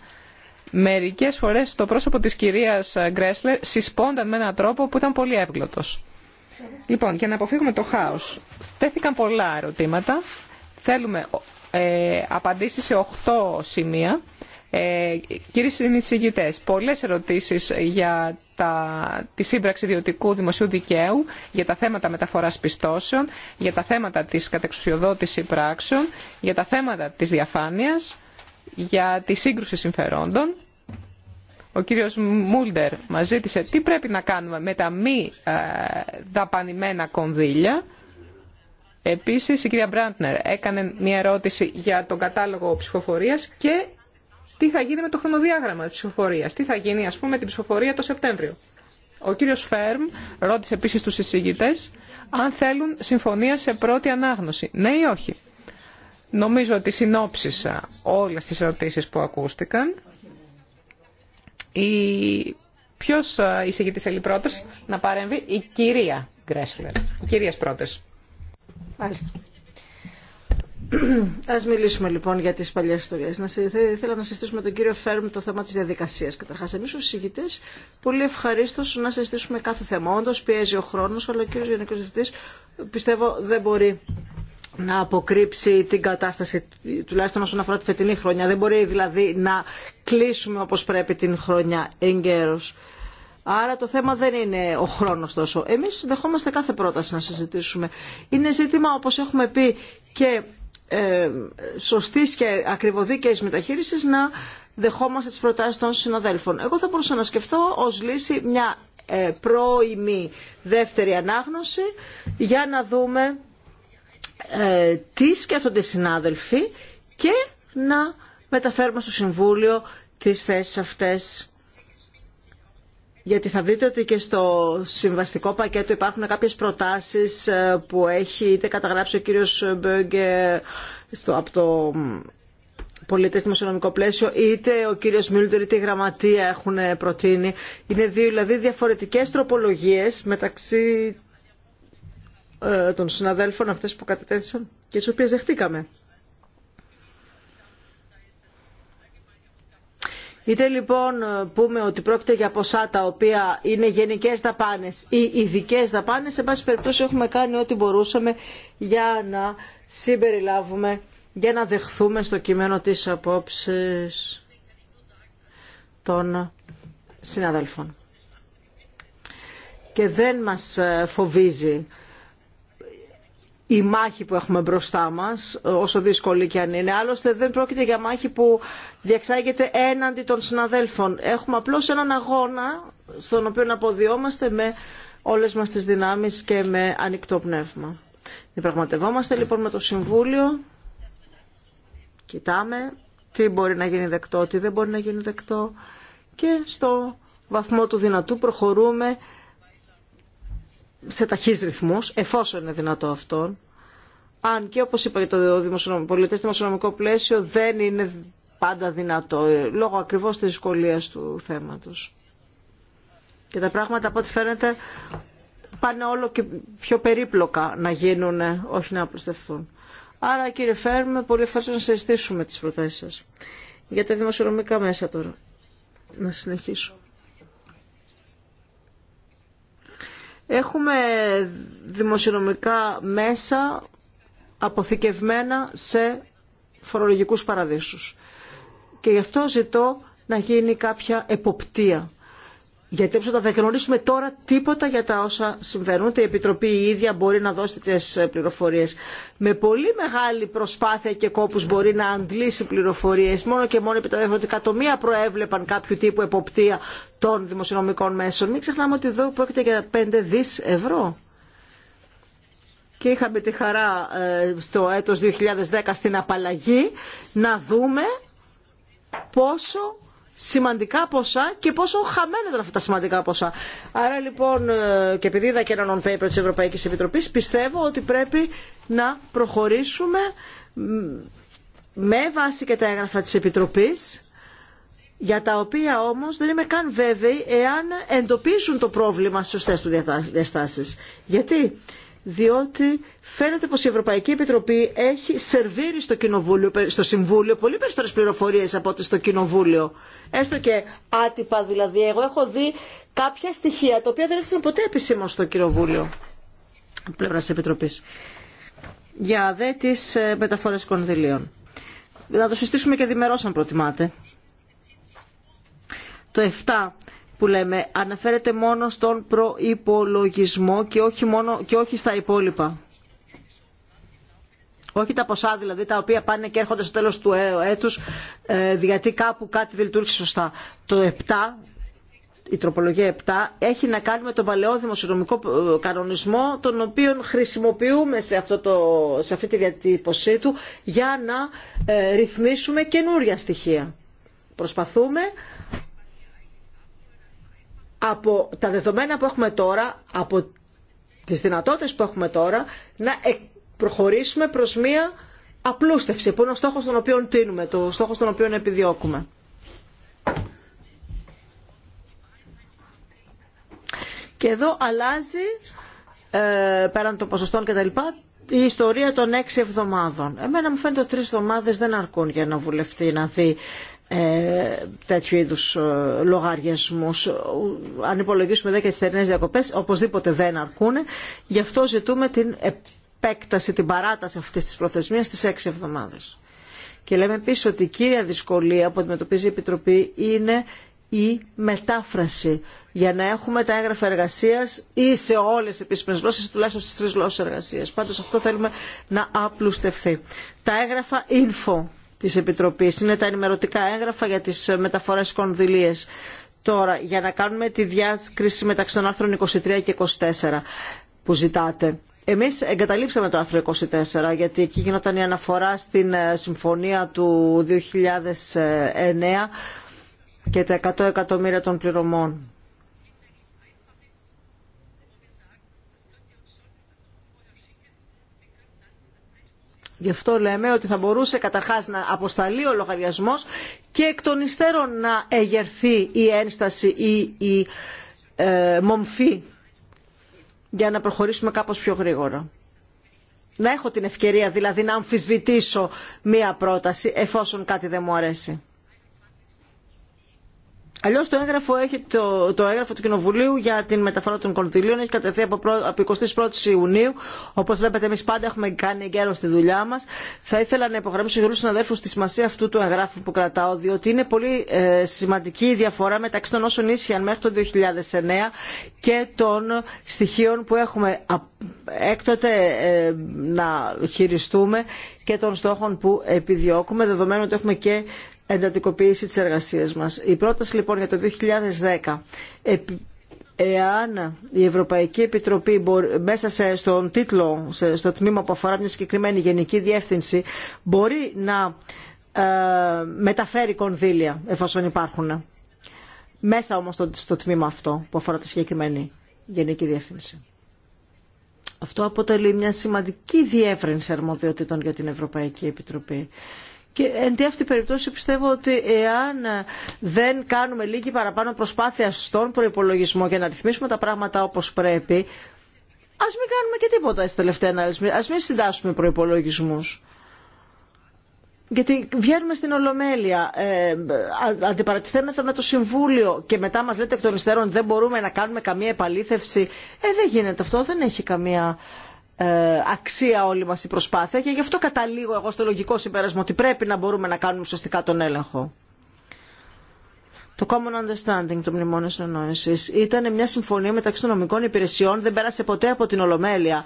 Μερικές φορές το πρόσωπο της κυρίας Γκρέσλερ συσπώνταν με έναν τρόπο που ήταν πολύ εύγλωτος. Λοιπόν, για να αποφύγουμε το χάος, τέθηκαν πολλά ερωτήματα. Θέλουμε ε, απαντήσεις σε 8 σημεία. Ε, κύριοι συνεισηγητές, πολλές ερωτήσεις για τα, τη σύμπραξη ιδιωτικού δημοσίου δικαίου, για τα θέματα μεταφοράς πιστώσεων, για τα θέματα της κατεξουσιοδότηση πράξεων, για τα θέματα της διαφάνειας για τη σύγκρουση συμφερόντων. Ο κύριος Μούλτερ μας ζήτησε τι πρέπει να κάνουμε με τα μη ε, δαπανημένα κονδύλια. Επίσης, η κυρία Μπραντνερ έκανε μια ερώτηση για τον κατάλογο ψηφοφορίας και τι θα γίνει με το χρονοδιάγραμμα της ψηφοφορίας. Τι θα γίνει, ας πούμε, την ψηφοφορία το Σεπτέμβριο. Ο κύριος Φέρμ ρώτησε επίσης τους εισηγητές αν θέλουν συμφωνία σε πρώτη ανάγνωση. Ναι ή όχι. Νομίζω ότι συνόψισα όλες τις ερωτήσεις που ακούστηκαν. Η... Ποιος ε, εισηγητής θέλει πρώτος να παρέμβει, η κυρία Γκρέσλερ. Ο κυρίας πρώτες. Μάλιστα. Α μιλήσουμε λοιπόν για τι παλιέ ιστορίε. Να να συζητήσουμε τον κύριο Φέρμ το θέμα τη διαδικασία. Καταρχά, εμεί ω ηγητέ, πολύ ευχαρίστω να συζητήσουμε κάθε θέμα. Όντω πιέζει ο χρόνο, αλλά ο κύριο Γενικό Διευθυντή πιστεύω δεν μπορεί να αποκρύψει την κατάσταση, τουλάχιστον όσον αφορά τη φετινή χρονιά. Δεν μπορεί δηλαδή να κλείσουμε όπως πρέπει την χρονιά εγκαίρως. Άρα το θέμα δεν είναι ο χρόνος τόσο. Εμείς δεχόμαστε κάθε πρόταση να συζητήσουμε. Είναι ζήτημα, όπως έχουμε πει, και ε, σωστής και ακριβοδίκαιης μεταχείρισης να δεχόμαστε τις προτάσεις των συναδέλφων. Εγώ θα μπορούσα να σκεφτώ ως λύση μια ε, δεύτερη ανάγνωση για να δούμε ε, τι σκέφτονται οι συνάδελφοι και να μεταφέρουμε στο Συμβούλιο τις θέσεις αυτές. Γιατί θα δείτε ότι και στο συμβαστικό πακέτο υπάρχουν κάποιες προτάσεις ε, που έχει είτε καταγράψει ο κύριος Μπέγκε στο, από το πολίτες δημοσιονομικό πλαίσιο, είτε ο κύριος Μίλντερ είτε η Γραμματεία έχουν προτείνει. Είναι δύο δηλαδή διαφορετικές τροπολογίες μεταξύ ε, των συναδέλφων αυτές που κατετέθησαν και τις οποίες δεχτήκαμε. Είτε λοιπόν ε, πούμε ότι πρόκειται για ποσά τα οποία είναι γενικές δαπάνες ή ειδικέ δαπάνες, σε πάση περιπτώσει έχουμε κάνει ό,τι μπορούσαμε για να συμπεριλάβουμε, για να δεχθούμε στο κείμενο της απόψης των συναδέλφων. Και δεν μας ε, φοβίζει η μάχη που έχουμε μπροστά μας, όσο δύσκολη και αν είναι. Άλλωστε δεν πρόκειται για μάχη που διεξάγεται έναντι των συναδέλφων. Έχουμε απλώς έναν αγώνα στον οποίο να αποδιόμαστε με όλες μας τις δυνάμεις και με ανοιχτό πνεύμα. Διπραγματευόμαστε λοιπόν με το Συμβούλιο, κοιτάμε τι μπορεί να γίνει δεκτό, τι δεν μπορεί να γίνει δεκτό και στο βαθμό του δυνατού προχωρούμε σε ταχύ ρυθμού, εφόσον είναι δυνατό αυτό. Αν και όπως είπα για το πολιτέ, δημοσιονομικό πλαίσιο δεν είναι πάντα δυνατό, ε, λόγω ακριβώς της δυσκολία του θέματος. Και τα πράγματα από ό,τι φαίνεται πάνε όλο και πιο περίπλοκα να γίνουν, ε, όχι να απλουστευτούν. Άρα κύριε Φέρμε, πολύ ευχαριστώ να συζητήσουμε τις προτάσεις σας. Για τα δημοσιονομικά μέσα τώρα. Να συνεχίσω. Έχουμε δημοσιονομικά μέσα αποθηκευμένα σε φορολογικούς παραδείσους. Και γι' αυτό ζητώ να γίνει κάποια εποπτεία γιατί όπως θα δεν γνωρίσουμε τώρα τίποτα για τα όσα συμβαίνουν, η Επιτροπή η ίδια μπορεί να δώσει τις ε, πληροφορίες. Με πολύ μεγάλη προσπάθεια και κόπους μπορεί να αντλήσει πληροφορίες, μόνο και μόνο επιταδεύουν ότι εκατομμύρια προέβλεπαν κάποιο τύπου εποπτεία των δημοσιονομικών μέσων. Μην ξεχνάμε ότι εδώ πρόκειται για 5 δις ευρώ. Και είχαμε τη χαρά ε, στο έτος 2010 στην απαλλαγή να δούμε πόσο σημαντικά ποσά και πόσο χαμένα ήταν αυτά τα σημαντικά ποσά. Άρα λοιπόν, ε, και επειδή είδα και ένα non-paper της Ευρωπαϊκής Επιτροπής, πιστεύω ότι πρέπει να προχωρήσουμε με βάση και τα έγγραφα της Επιτροπής, για τα οποία όμως δεν είμαι καν βέβαιη εάν εντοπίζουν το πρόβλημα στι. σωστές του διαστάσεις. Γιατί διότι φαίνεται πως η Ευρωπαϊκή Επιτροπή έχει σερβίρει στο, κοινοβούλιο, στο Συμβούλιο πολύ περισσότερες πληροφορίες από ό,τι στο Κοινοβούλιο. Έστω και άτυπα δηλαδή. Εγώ έχω δει κάποια στοιχεία τα οποία δεν έφτασαν ποτέ επισήμως στο Κοινοβούλιο από πλευρά τη Επιτροπής. Για δε τι ε, μεταφορές κονδυλίων. Να το συστήσουμε και διμερώς αν προτιμάτε. Το 7 που λέμε αναφέρεται μόνο στον προϋπολογισμό και όχι, μόνο, και όχι στα υπόλοιπα. Όχι τα ποσά δηλαδή τα οποία πάνε και έρχονται στο τέλος του ε, έτους ε, γιατί κάπου κάτι δεν λειτουργήσε σωστά. Το 7, η τροπολογία 7, έχει να κάνει με τον παλαιό δημοσιονομικό ε, κανονισμό τον οποίο χρησιμοποιούμε σε, αυτό το, σε αυτή τη διατύπωσή του για να ρυθμίσουμε καινούρια στοιχεία. Προσπαθούμε από τα δεδομένα που έχουμε τώρα, από τις δυνατότητες που έχουμε τώρα, να προχωρήσουμε προς μία απλούστευση, που είναι ο στόχος τον οποίο τίνουμε, το στόχος τον οποίο επιδιώκουμε. Και εδώ αλλάζει, ε, πέραν των ποσοστών κτλ., η ιστορία των έξι εβδομάδων. Εμένα μου φαίνεται ότι τρεις εβδομάδες δεν αρκούν για να βουλευτεί να δει ε, τέτοιου είδους ε, λογαριασμού. Αν υπολογίσουμε εδώ και τις οπωσδήποτε δεν αρκούν. Γι' αυτό ζητούμε την επέκταση, την παράταση αυτή τη προθεσμίας στι έξι εβδομάδε. Και λέμε επίση ότι η κύρια δυσκολία που αντιμετωπίζει η Επιτροπή είναι η μετάφραση για να έχουμε τα έγγραφα εργασία ή σε όλε τι επίσημε γλώσσε, τουλάχιστον στι τρει γλώσσε εργασία. Πάντω αυτό θέλουμε να απλουστευθεί. Τα έγγραφα info της Επιτροπής. Είναι τα ενημερωτικά έγγραφα για τις μεταφορές κονδυλίες. Τώρα, για να κάνουμε τη διάκριση μεταξύ των άρθρων 23 και 24 που ζητάτε. Εμείς εγκαταλείψαμε το άρθρο 24 γιατί εκεί γινόταν η αναφορά στην ε, συμφωνία του 2009 ε, και τα 100 εκατομμύρια των πληρωμών. Γι' αυτό λέμε ότι θα μπορούσε καταρχάς να αποσταλεί ο λογαριασμός και εκ των υστέρων να εγερθεί η ένσταση ή η ε, μομφή για να προχωρήσουμε κάπως πιο γρήγορα. Να έχω την ευκαιρία δηλαδή να αμφισβητήσω μία πρόταση εφόσον κάτι δεν μου αρέσει. Αλλιώ το έγγραφο, το, το έγγραφο του Κοινοβουλίου για την μεταφορά των κονδυλίων έχει κατευθεί από 21η Ιουνίου. Όπω βλέπετε, εμεί πάντα έχουμε κάνει γέρο στη δουλειά μα. Θα ήθελα να υπογραμμίσω για όλου του συναδέλφου τη σημασία αυτού του εγγράφου που κρατάω, διότι είναι πολύ ε, σημαντική η διαφορά μεταξύ των όσων ίσχυαν μέχρι το 2009 και των στοιχείων που έχουμε έκτοτε ε, να χειριστούμε και των στόχων που επιδιώκουμε, δεδομένου ότι έχουμε και εντατικοποίηση της εργασίας μας. Η πρόταση λοιπόν για το 2010 εάν η Ευρωπαϊκή Επιτροπή μέσα σε, στον τίτλο, σε, στο τμήμα που αφορά μια συγκεκριμένη γενική διεύθυνση, μπορεί να ε, μεταφέρει κονδύλια εφόσον υπάρχουν. Μέσα όμως στο, στο τμήμα αυτό που αφορά τη συγκεκριμένη γενική διεύθυνση. Αυτό αποτελεί μια σημαντική διεύρυνση αρμοδιοτήτων για την Ευρωπαϊκή Επιτροπή. Και εν τη αυτή περίπτωση πιστεύω ότι εάν δεν κάνουμε λίγη παραπάνω προσπάθεια στον προπολογισμό για να ρυθμίσουμε τα πράγματα όπως πρέπει, ας μην κάνουμε και τίποτα στη τελευταία ανάλυση, ας μην συντάσσουμε προϋπολογισμούς. Γιατί βγαίνουμε στην Ολομέλεια, ε, αντιπαρατηθέμεθα με το Συμβούλιο και μετά μας λέτε εκ των υστέρων δεν μπορούμε να κάνουμε καμία επαλήθευση. Ε, δεν γίνεται αυτό, δεν έχει καμία ε, αξία όλη μας η προσπάθεια και γι' αυτό καταλήγω εγώ στο λογικό συμπέρασμα ότι πρέπει να μπορούμε να κάνουμε ουσιαστικά τον έλεγχο. Το Common Understanding, το Μνημόνιο Συνεννόηση, ήταν μια συμφωνία μεταξύ των νομικών υπηρεσιών, δεν πέρασε ποτέ από την Ολομέλεια.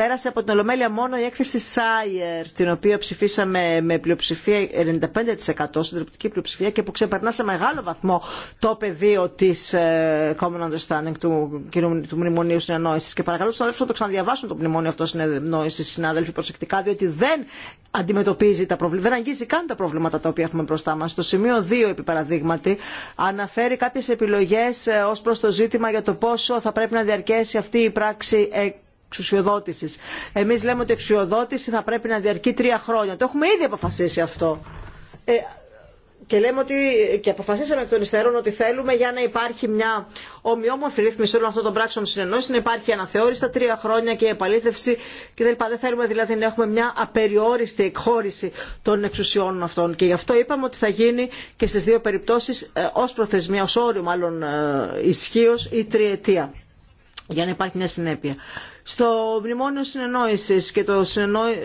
Πέρασε από την Ολομέλεια μόνο η έκθεση Σάιερ, την οποία ψηφίσαμε με πλειοψηφία 95% συντριπτική πλειοψηφία και που ξεπερνά σε μεγάλο βαθμό το πεδίο τη ε, Common Understanding του, του Μνημονίου Συνεννόηση. Και παρακαλώ του συναδέλφου να το ξαναδιαβάσουν το Μνημόνιο αυτό Συνεννόηση, συνάδελφοι, προσεκτικά, διότι δεν αντιμετωπίζει τα προβλήματα, δεν αγγίζει καν τα προβλήματα τα οποία έχουμε μπροστά μα. Στο σημείο 2, επί παραδείγματι, αναφέρει κάποιε επιλογέ ε, ω προ το ζήτημα για το πόσο θα πρέπει να διαρκέσει αυτή η πράξη ε, εξουσιοδότησης. Εμείς λέμε ότι η εξουσιοδότηση θα πρέπει να διαρκεί τρία χρόνια. Το έχουμε ήδη αποφασίσει αυτό. Ε, και λέμε ότι και αποφασίσαμε εκ των υστέρων ότι θέλουμε για να υπάρχει μια ομοιόμορφη ρύθμιση όλων αυτών των πράξεων συνεννόηση, να υπάρχει αναθεώρηση τα τρία χρόνια και η επαλήθευση κτλ. Δεν θέλουμε δηλαδή να έχουμε μια απεριόριστη εκχώρηση των εξουσιών αυτών. Και γι' αυτό είπαμε ότι θα γίνει και στι δύο περιπτώσει ε, ω προθεσμία, ω όριο μάλλον ε, ισχύω ή τριετία. Για να υπάρχει μια συνέπεια στο μνημόνιο συνεννόηση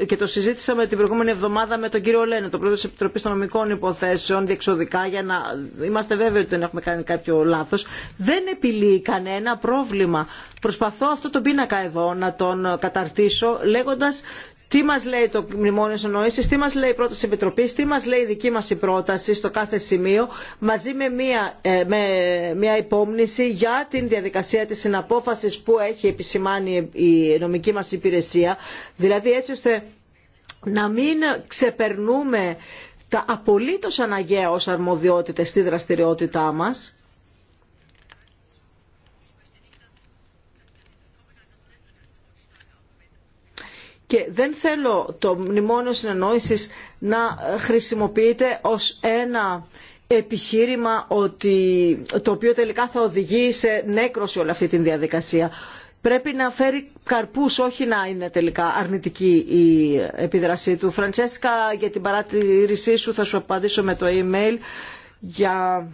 και, το συζήτησαμε την προηγούμενη εβδομάδα με τον κύριο Λένε, τον πρόεδρο τη Επιτροπή των Νομικών Υποθέσεων, διεξοδικά για να είμαστε βέβαιοι ότι δεν έχουμε κάνει κάποιο λάθο. Δεν επιλύει κανένα πρόβλημα. Προσπαθώ αυτό το πίνακα εδώ να τον καταρτήσω λέγοντα τι μα λέει το μνημόνιο συνεννόησης, τι μα λέει η πρόταση επιτροπή, τι μα λέει η δική μας η πρόταση στο κάθε σημείο, μαζί με μια, ε, με μια υπόμνηση για την διαδικασία της συναπόφασης που έχει επισημάνει η νομική μας υπηρεσία, δηλαδή έτσι ώστε να μην ξεπερνούμε τα απολύτως αναγκαία ως αρμοδιότητες στη δραστηριότητά μας Και δεν θέλω το μνημόνιο συνεννόησης να χρησιμοποιείται ως ένα επιχείρημα ότι, το οποίο τελικά θα οδηγεί σε νέκρωση όλη αυτή τη διαδικασία. Πρέπει να φέρει καρπούς, όχι να είναι τελικά αρνητική η επίδρασή του. Φραντσέσκα, για την παρατήρησή σου θα σου απαντήσω με το email για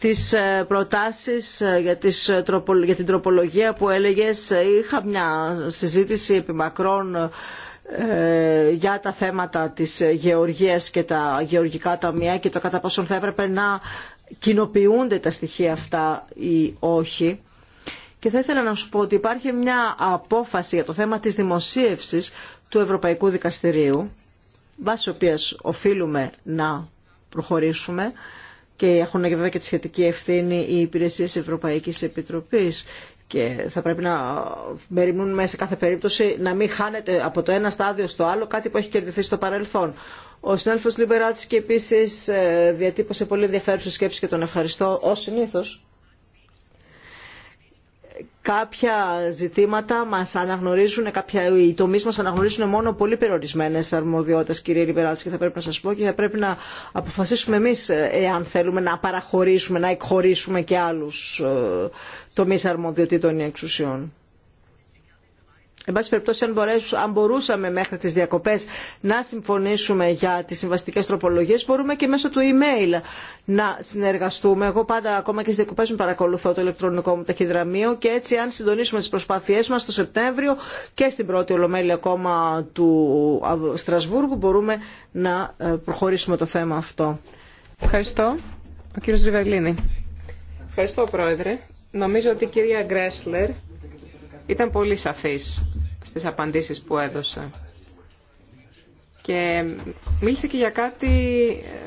τις ε, προτάσεις ε, για, τις, ε, για την τροπολογία που έλεγες. Είχα μια συζήτηση επί μακρόν για τα θέματα της γεωργίας και τα γεωργικά ταμεία και το κατά πόσον θα έπρεπε να κοινοποιούνται τα στοιχεία αυτά ή όχι. Και θα ήθελα να σου πω ότι υπάρχει μια απόφαση για το θέμα της δημοσίευσης του Ευρωπαϊκού Δικαστηρίου, βάσει οποίας οφείλουμε να προχωρήσουμε, και έχουν βέβαια και τη σχετική ευθύνη οι υπηρεσίες Ευρωπαϊκής Επιτροπής και θα πρέπει να περιμένουμε μέσα σε κάθε περίπτωση να μην χάνεται από το ένα στάδιο στο άλλο κάτι που έχει κερδιθεί στο παρελθόν. Ο συνάδελφος Λιμπεράτσικη και επίσης ε, διατύπωσε πολύ ενδιαφέρουσες σκέψεις και τον ευχαριστώ ως συνήθως κάποια ζητήματα μας αναγνωρίζουν, κάποια, οι τομείς μας αναγνωρίζουν μόνο πολύ περιορισμένες αρμοδιότητες κύριε Ριμπεράτης και θα πρέπει να σας πω και θα πρέπει να αποφασίσουμε εμείς ε, εάν θέλουμε να παραχωρήσουμε, να εκχωρήσουμε και άλλους ε, τομείς αρμοδιοτήτων ή εξουσιών. Εν πάση περιπτώσει, αν, αν μπορούσαμε μέχρι τις διακοπές να συμφωνήσουμε για τις συμβαστικές τροπολογίες, μπορούμε και μέσω του email να συνεργαστούμε. Εγώ πάντα, ακόμα και στις διακοπές, μου παρακολουθώ το ηλεκτρονικό μου ταχυδραμείο και έτσι αν συντονίσουμε τις προσπάθειές μας το Σεπτέμβριο και στην πρώτη ολομέλεια ακόμα του Στρασβούργου μπορούμε να ε, προχωρήσουμε το θέμα αυτό. Ευχαριστώ. Ο κύριος Ριβελίνη. Ευχαριστώ, Πρόεδρε. Νομίζω ότι η κυρία Γκρέσλερ ήταν πολύ σαφής στις απαντήσεις που έδωσε. Και μίλησε και για κάτι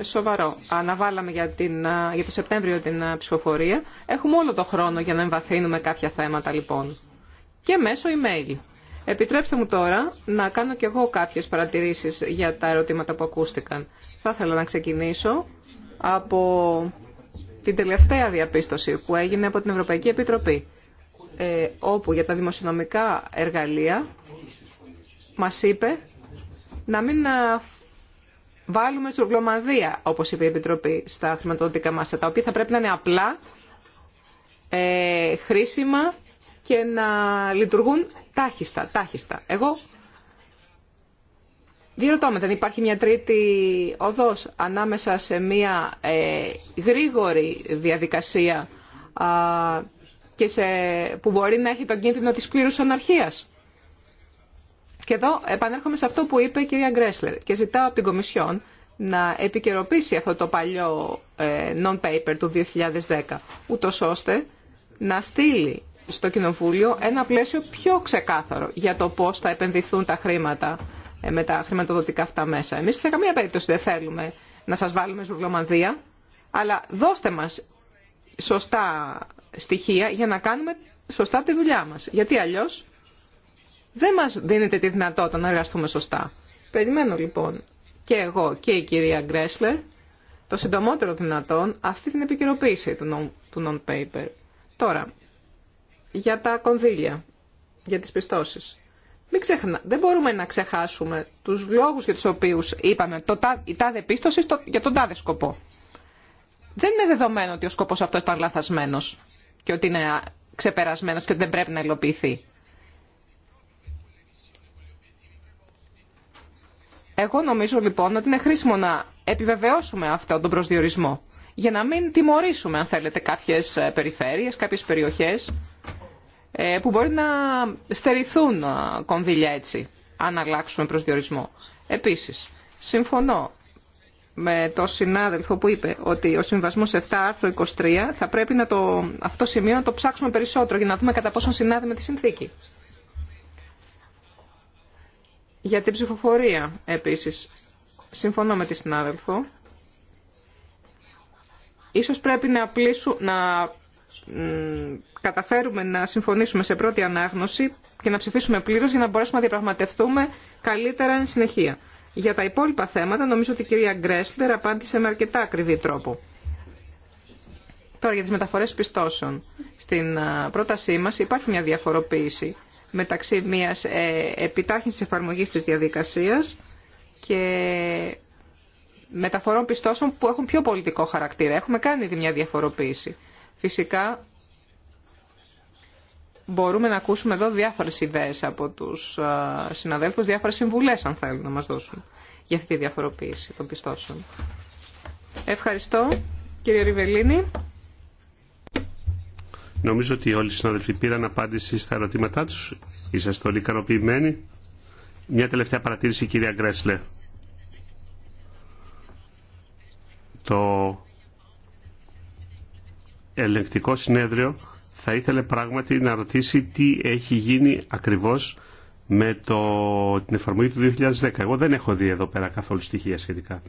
σοβαρό. Αναβάλαμε για, την, για το Σεπτέμβριο την ψηφοφορία. Έχουμε όλο το χρόνο για να εμβαθύνουμε κάποια θέματα λοιπόν. Και μέσω email. Επιτρέψτε μου τώρα να κάνω κι εγώ κάποιες παρατηρήσεις για τα ερωτήματα που ακούστηκαν. Θα ήθελα να ξεκινήσω από την τελευταία διαπίστωση που έγινε από την Ευρωπαϊκή Επιτροπή. Ε, όπου για τα δημοσιονομικά εργαλεία μας είπε να μην ε, βάλουμε τσουρκλωμανδία, όπως είπε η Επιτροπή, στα χρηματοδοτικά μας, τα οποία θα πρέπει να είναι απλά, ε, χρήσιμα και να λειτουργούν τάχιστα. τάχιστα. Εγώ διερωτώ με, δεν υπάρχει μια τρίτη οδός ανάμεσα σε μια ε, γρήγορη διαδικασία και σε, που μπορεί να έχει τον κίνδυνο της πλήρους αναρχίας. Και εδώ επανέρχομαι σε αυτό που είπε η κυρία Γκρέσλερ και ζητάω από την Κομισιόν να επικαιροποιήσει αυτό το παλιό ε, non-paper του 2010, ούτω ώστε να στείλει στο Κοινοβούλιο ένα πλαίσιο πιο ξεκάθαρο για το πώς θα επενδυθούν τα χρήματα ε, με τα χρηματοδοτικά αυτά μέσα. Εμείς σε καμία περίπτωση δεν θέλουμε να σας βάλουμε ζουρλομανδία, αλλά δώστε μας σωστά στοιχεία για να κάνουμε σωστά τη δουλειά μας. Γιατί αλλιώς δεν μας δίνεται τη δυνατότητα να εργαστούμε σωστά. Περιμένω λοιπόν και εγώ και η κυρία Γκρέσλερ το συντομότερο δυνατόν αυτή την επικαιροποίηση του non-paper. Τώρα, για τα κονδύλια, για τις πιστώσεις. Μην ξεχνα... Δεν μπορούμε να ξεχάσουμε τους λόγους για τους οποίους είπαμε το η τάδε πίστοση για τον τάδε σκοπό. Δεν είναι δεδομένο ότι ο σκοπός αυτός ήταν λαθασμένος και ότι είναι ξεπερασμένο και ότι δεν πρέπει να υλοποιηθεί. Εγώ νομίζω λοιπόν ότι είναι χρήσιμο να επιβεβαιώσουμε αυτόν τον προσδιορισμό για να μην τιμωρήσουμε αν θέλετε κάποιες ε, περιφέρειες, κάποιες περιοχές ε, που μπορεί να στερηθούν ε, κονδύλια έτσι αν αλλάξουμε προσδιορισμό. Επίσης, συμφωνώ με τον συνάδελφο που είπε ότι ο συμβασμό 7 άρθρο 23 θα πρέπει να το, αυτό το σημείο να το ψάξουμε περισσότερο για να δούμε κατά πόσο συνάδει με τη συνθήκη. Για την ψηφοφορία επίσης. Συμφωνώ με τη συνάδελφο. Ίσως πρέπει να, πλήσου, να καταφέρουμε να συμφωνήσουμε σε πρώτη ανάγνωση και να ψηφίσουμε πλήρως για να μπορέσουμε να διαπραγματευτούμε καλύτερα εν συνεχεία. Για τα υπόλοιπα θέματα νομίζω ότι η κυρία Γκρέσλερ απάντησε με αρκετά ακριβή τρόπο. Τώρα για τις μεταφορές πιστώσεων. Στην πρότασή μας υπάρχει μια διαφοροποίηση μεταξύ μιας ε, επιτάχυνσης εφαρμογής της διαδικασίας και μεταφορών πιστώσεων που έχουν πιο πολιτικό χαρακτήρα. Έχουμε κάνει μια διαφοροποίηση. Φυσικά μπορούμε να ακούσουμε εδώ διάφορες ιδέες από τους συναδέλφους, διάφορες συμβουλές αν θέλουν να μας δώσουν για αυτή τη διαφοροποίηση των πιστώσεων. Ευχαριστώ κύριε Ριβελίνη. Νομίζω ότι όλοι οι συναδελφοί πήραν απάντηση στα ερωτήματά τους. Είσαστε όλοι ικανοποιημένοι. Μια τελευταία παρατήρηση κυρία Γκρέσλε. Το ελεγκτικό συνέδριο θα ήθελε πράγματι να ρωτήσει τι έχει γίνει ακριβώς με το, την εφαρμογή του 2010. Εγώ δεν έχω δει εδώ πέρα καθόλου στοιχεία σχετικά.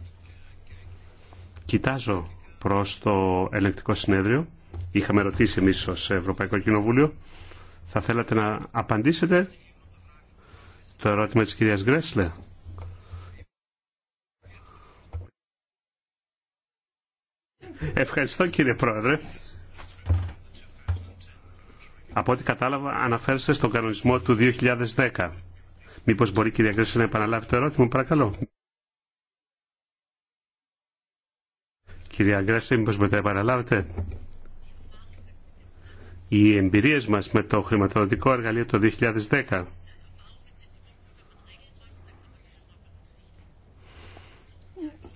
Κοιτάζω προς το ελεκτικό συνέδριο. Είχαμε ρωτήσει εμείς ως Ευρωπαϊκό Κοινοβούλιο. Θα θέλατε να απαντήσετε το ερώτημα της κυρίας Γκρέσλε. Ευχαριστώ κύριε Πρόεδρε. Από ό,τι κατάλαβα αναφέρεστε στον κανονισμό του 2010. Μήπως μπορεί κυρία Γκρέση να επαναλάβει το ερώτημα, παρακαλώ. Κυρία Γκρέση, μήπως μπορείτε να επαναλάβετε. Οι εμπειρίες μας με το χρηματοδοτικό εργαλείο το 2010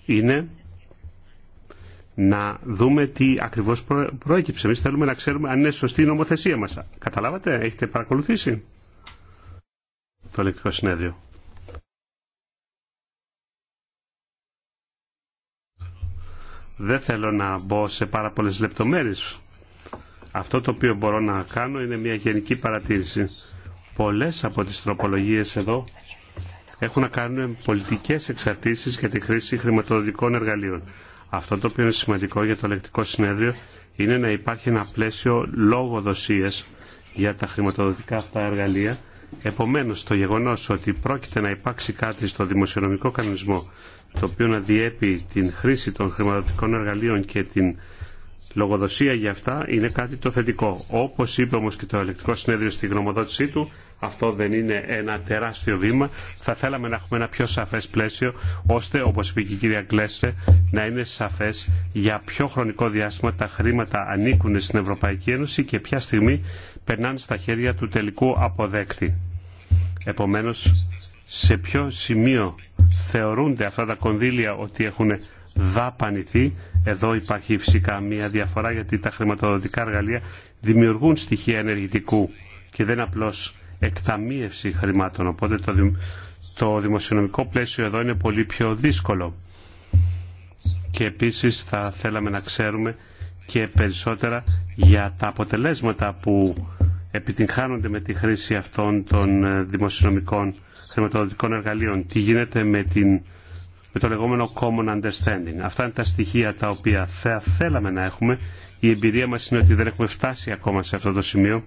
είναι να δούμε τι ακριβώς προέκυψε. Εμεί θέλουμε να ξέρουμε αν είναι σωστή η νομοθεσία μα. Καταλάβατε, έχετε παρακολουθήσει το ηλεκτρικό συνέδριο. Δεν θέλω να μπω σε πάρα πολλές λεπτομέρειες. Αυτό το οποίο μπορώ να κάνω είναι μια γενική παρατήρηση. Πολλές από τις τροπολογίες εδώ έχουν να κάνουν πολιτικές εξαρτήσεις για τη χρήση χρηματοδοτικών εργαλείων. Αυτό το οποίο είναι σημαντικό για το ελεκτικό συνέδριο είναι να υπάρχει ένα πλαίσιο λογοδοσίες για τα χρηματοδοτικά αυτά εργαλεία. Επομένως, το γεγονός ότι πρόκειται να υπάρξει κάτι στο δημοσιονομικό κανονισμό το οποίο να διέπει την χρήση των χρηματοδοτικών εργαλείων και την λογοδοσία για αυτά είναι κάτι το θετικό. Όπως είπε όμως και το ελεκτικό συνέδριο στη γνωμοδότησή του, αυτό δεν είναι ένα τεράστιο βήμα. Θα θέλαμε να έχουμε ένα πιο σαφές πλαίσιο, ώστε, όπως είπε και η κυρία Κλέστε, να είναι σαφές για ποιο χρονικό διάστημα τα χρήματα ανήκουν στην Ευρωπαϊκή Ένωση και ποια στιγμή περνάνε στα χέρια του τελικού αποδέκτη. Επομένως, σε ποιο σημείο θεωρούνται αυτά τα κονδύλια ότι έχουν δαπανηθεί. Εδώ υπάρχει φυσικά μία διαφορά γιατί τα χρηματοδοτικά εργαλεία δημιουργούν στοιχεία ενεργητικού και δεν απλώς εκταμίευση χρημάτων. Οπότε το, το δημοσιονομικό πλαίσιο εδώ είναι πολύ πιο δύσκολο. Και επίσης θα θέλαμε να ξέρουμε και περισσότερα για τα αποτελέσματα που επιτυγχάνονται με τη χρήση αυτών των ε, δημοσιονομικών χρηματοδοτικών εργαλείων. Τι γίνεται με, την, με το λεγόμενο common understanding. Αυτά είναι τα στοιχεία τα οποία θα θέλαμε να έχουμε η εμπειρία μας είναι ότι δεν έχουμε φτάσει ακόμα σε αυτό το σημείο.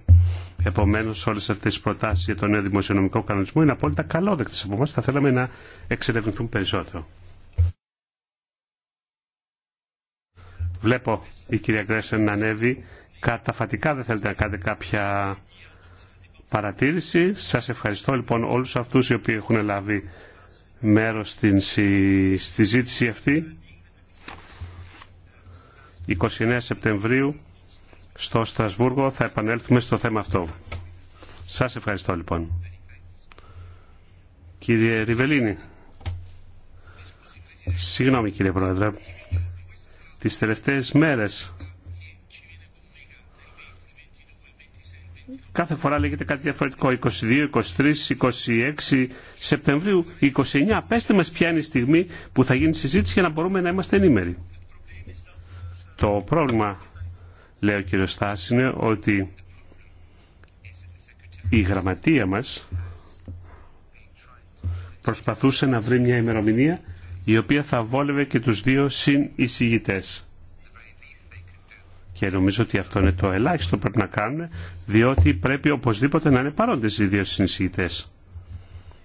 Επομένως όλες αυτές τις προτάσεις για το νέο δημοσιονομικό κανονισμό είναι απόλυτα καλόδεκτες από εμάς. Θα θέλαμε να εξερευνηθούν περισσότερο. Βλέπω η κυρία Γκρέσεν να ανέβει. Καταφατικά δεν θέλετε να κάνετε κάποια παρατήρηση. Σας ευχαριστώ λοιπόν όλους αυτούς οι οποίοι έχουν λάβει μέρος στην ζήτηση αυτή. 29 Σεπτεμβρίου στο Στρασβούργο θα επανέλθουμε στο θέμα αυτό. Σας ευχαριστώ λοιπόν. Κύριε Ριβελίνη. Συγγνώμη κύριε Πρόεδρε. Τις τελευταίες μέρες κάθε φορά λέγεται κάτι διαφορετικό. 22, 23, 26 Σεπτεμβρίου, 29. Πέστε μας ποια είναι η στιγμή που θα γίνει συζήτηση για να μπορούμε να είμαστε ενήμεροι. Το πρόβλημα, λέει ο κύριος Στάση, είναι ότι η γραμματεία μας προσπαθούσε να βρει μια ημερομηνία η οποία θα βόλευε και τους δύο εισηγητές. Και νομίζω ότι αυτό είναι το ελάχιστο που πρέπει να κάνουμε διότι πρέπει οπωσδήποτε να είναι παρόντες οι δύο συνεισηγητές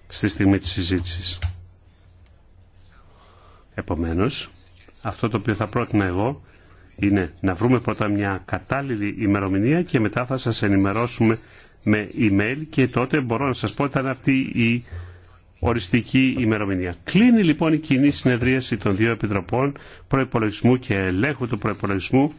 στη στιγμή της συζήτησης. Επομένως, αυτό το οποίο θα πρότεινα εγώ είναι να βρούμε πρώτα μια κατάλληλη ημερομηνία και μετά θα σας ενημερώσουμε με email και τότε μπορώ να σας πω ότι θα είναι αυτή η οριστική ημερομηνία. Κλείνει λοιπόν η κοινή συνεδρίαση των δύο επιτροπών προπολογισμού και ελέγχου του προπολογισμού.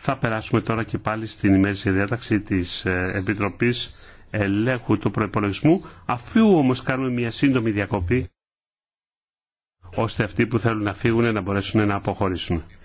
Θα περάσουμε τώρα και πάλι στην ημέρηση διάταξη της ε, Επιτροπής Ελέγχου του Προϋπολογισμού. αφού όμως κάνουμε μια σύντομη διακοπή, ώστε αυτοί που θέλουν να φύγουν να μπορέσουν να αποχωρήσουν.